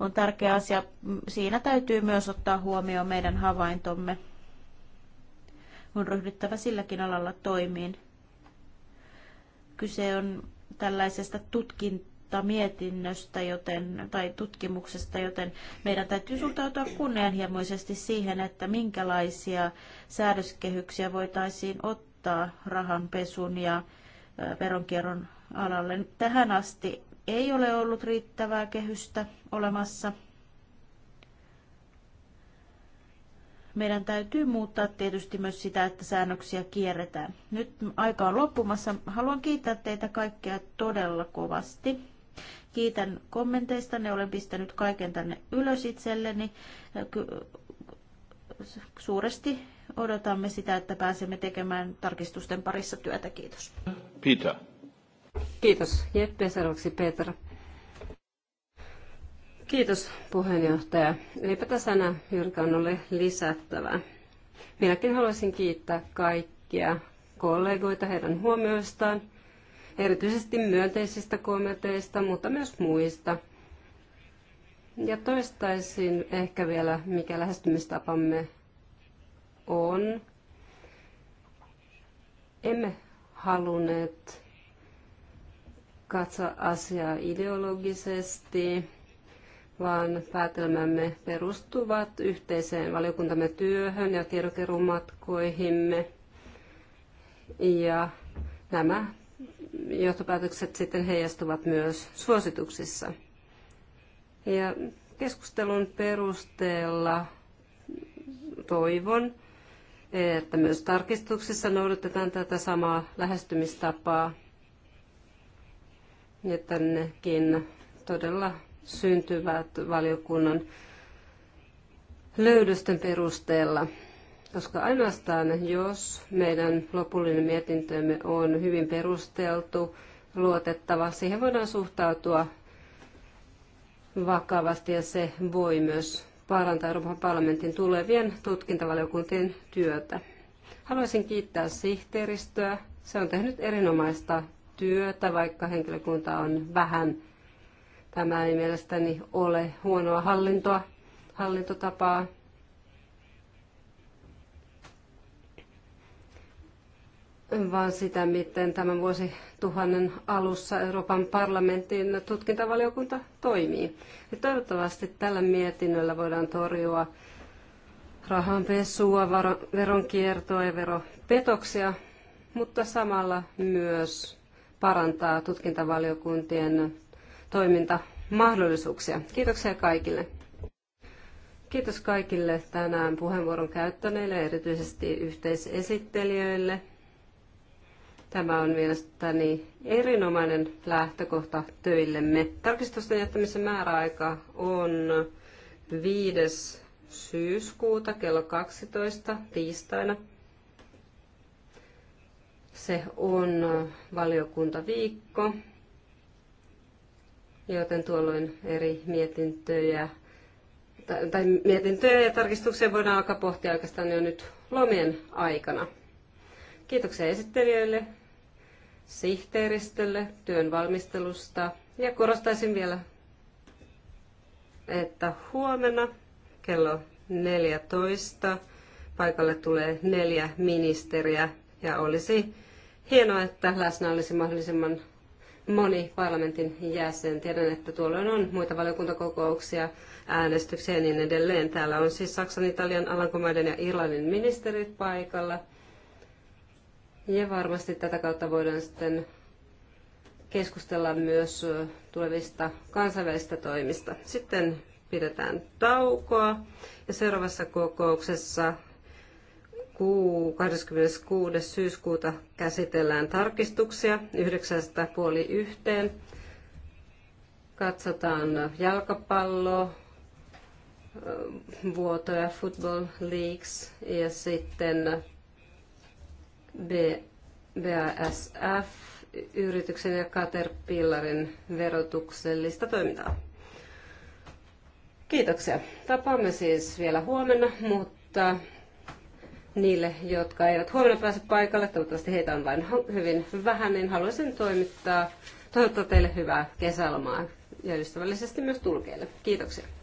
on tärkeä asia. Siinä täytyy myös ottaa huomioon meidän havaintomme. On ryhdyttävä silläkin alalla toimiin. Kyse on tällaisesta tutkintamietinnöstä joten, tai tutkimuksesta, joten meidän täytyy suhtautua kunnianhimoisesti siihen, että minkälaisia säädöskehyksiä voitaisiin ottaa vaikuttaa rahanpesun ja veronkierron alalle. Tähän asti ei ole ollut riittävää kehystä olemassa. Meidän täytyy muuttaa tietysti myös sitä, että säännöksiä kierretään. Nyt aika on loppumassa. Haluan kiittää teitä kaikkia todella kovasti. Kiitän kommenteista, ne olen pistänyt kaiken tänne ylös itselleni. Suuresti odotamme sitä, että pääsemme tekemään tarkistusten parissa työtä. Kiitos. Peter. Kiitos. Jeppe, seuraavaksi Peter. Kiitos puheenjohtaja. Eipä tässä enää juurikaan ole lisättävää. Minäkin haluaisin kiittää kaikkia kollegoita heidän huomioistaan, erityisesti myönteisistä kommenteista, mutta myös muista. Ja toistaisin ehkä vielä, mikä lähestymistapamme on. Emme halunneet katsoa asiaa ideologisesti, vaan päätelmämme perustuvat yhteiseen valiokuntamme työhön ja kirkerumatkoihimme. Ja nämä johtopäätökset sitten heijastuvat myös suosituksissa. Ja keskustelun perusteella toivon, että myös tarkistuksissa noudatetaan tätä samaa lähestymistapaa, Ja tännekin todella syntyvät valiokunnan löydösten perusteella. Koska ainoastaan jos meidän lopullinen mietintömme on hyvin perusteltu, luotettava, siihen voidaan suhtautua vakavasti ja se voi myös parantaa Euroopan parlamentin tulevien tutkintavaliokuntien työtä. Haluaisin kiittää sihteeristöä. Se on tehnyt erinomaista työtä, vaikka henkilökunta on vähän. Tämä ei mielestäni ole huonoa hallintoa, hallintotapaa. vaan sitä, miten tämän vuosituhannen alussa Euroopan parlamentin tutkintavaliokunta toimii. Ja toivottavasti tällä mietinnöllä voidaan torjua rahanpesua, veronkiertoa ja veropetoksia, mutta samalla myös parantaa tutkintavaliokuntien toimintamahdollisuuksia. Kiitoksia kaikille. Kiitos kaikille tänään puheenvuoron käyttäneille, erityisesti yhteisesittelijöille – Tämä on mielestäni erinomainen lähtökohta töillemme. Tarkistusten jättämisen määräaika on 5. syyskuuta kello 12 tiistaina. Se on valiokuntaviikko, joten tuolloin eri mietintöjä tai mietintöjä ja tarkistuksia voidaan alkaa pohtia oikeastaan jo nyt lomien aikana. Kiitoksia esittelijöille sihteeristölle työn valmistelusta ja korostaisin vielä, että huomenna kello 14 paikalle tulee neljä ministeriä ja olisi hienoa, että läsnä olisi mahdollisimman moni parlamentin jäsen. Tiedän, että tuolloin on muita valiokuntakokouksia, äänestyksiä ja niin edelleen. Täällä on siis Saksan, Italian, Alankomaiden ja Irlannin ministerit paikalla – ja varmasti tätä kautta voidaan sitten keskustella myös tulevista kansainvälisistä toimista. Sitten pidetään taukoa ja seuraavassa kokouksessa 26. syyskuuta käsitellään tarkistuksia yhdeksästä puoli yhteen. Katsotaan jalkapallo, vuotoja, football leagues ja sitten BASF-yrityksen ja Caterpillarin verotuksellista toimintaa. Kiitoksia. Tapaamme siis vielä huomenna, mutta niille, jotka eivät huomenna pääse paikalle, toivottavasti heitä on vain hyvin vähän, niin haluaisin toimittaa, toivottaa teille hyvää kesälomaa ja ystävällisesti myös tulkeille. Kiitoksia.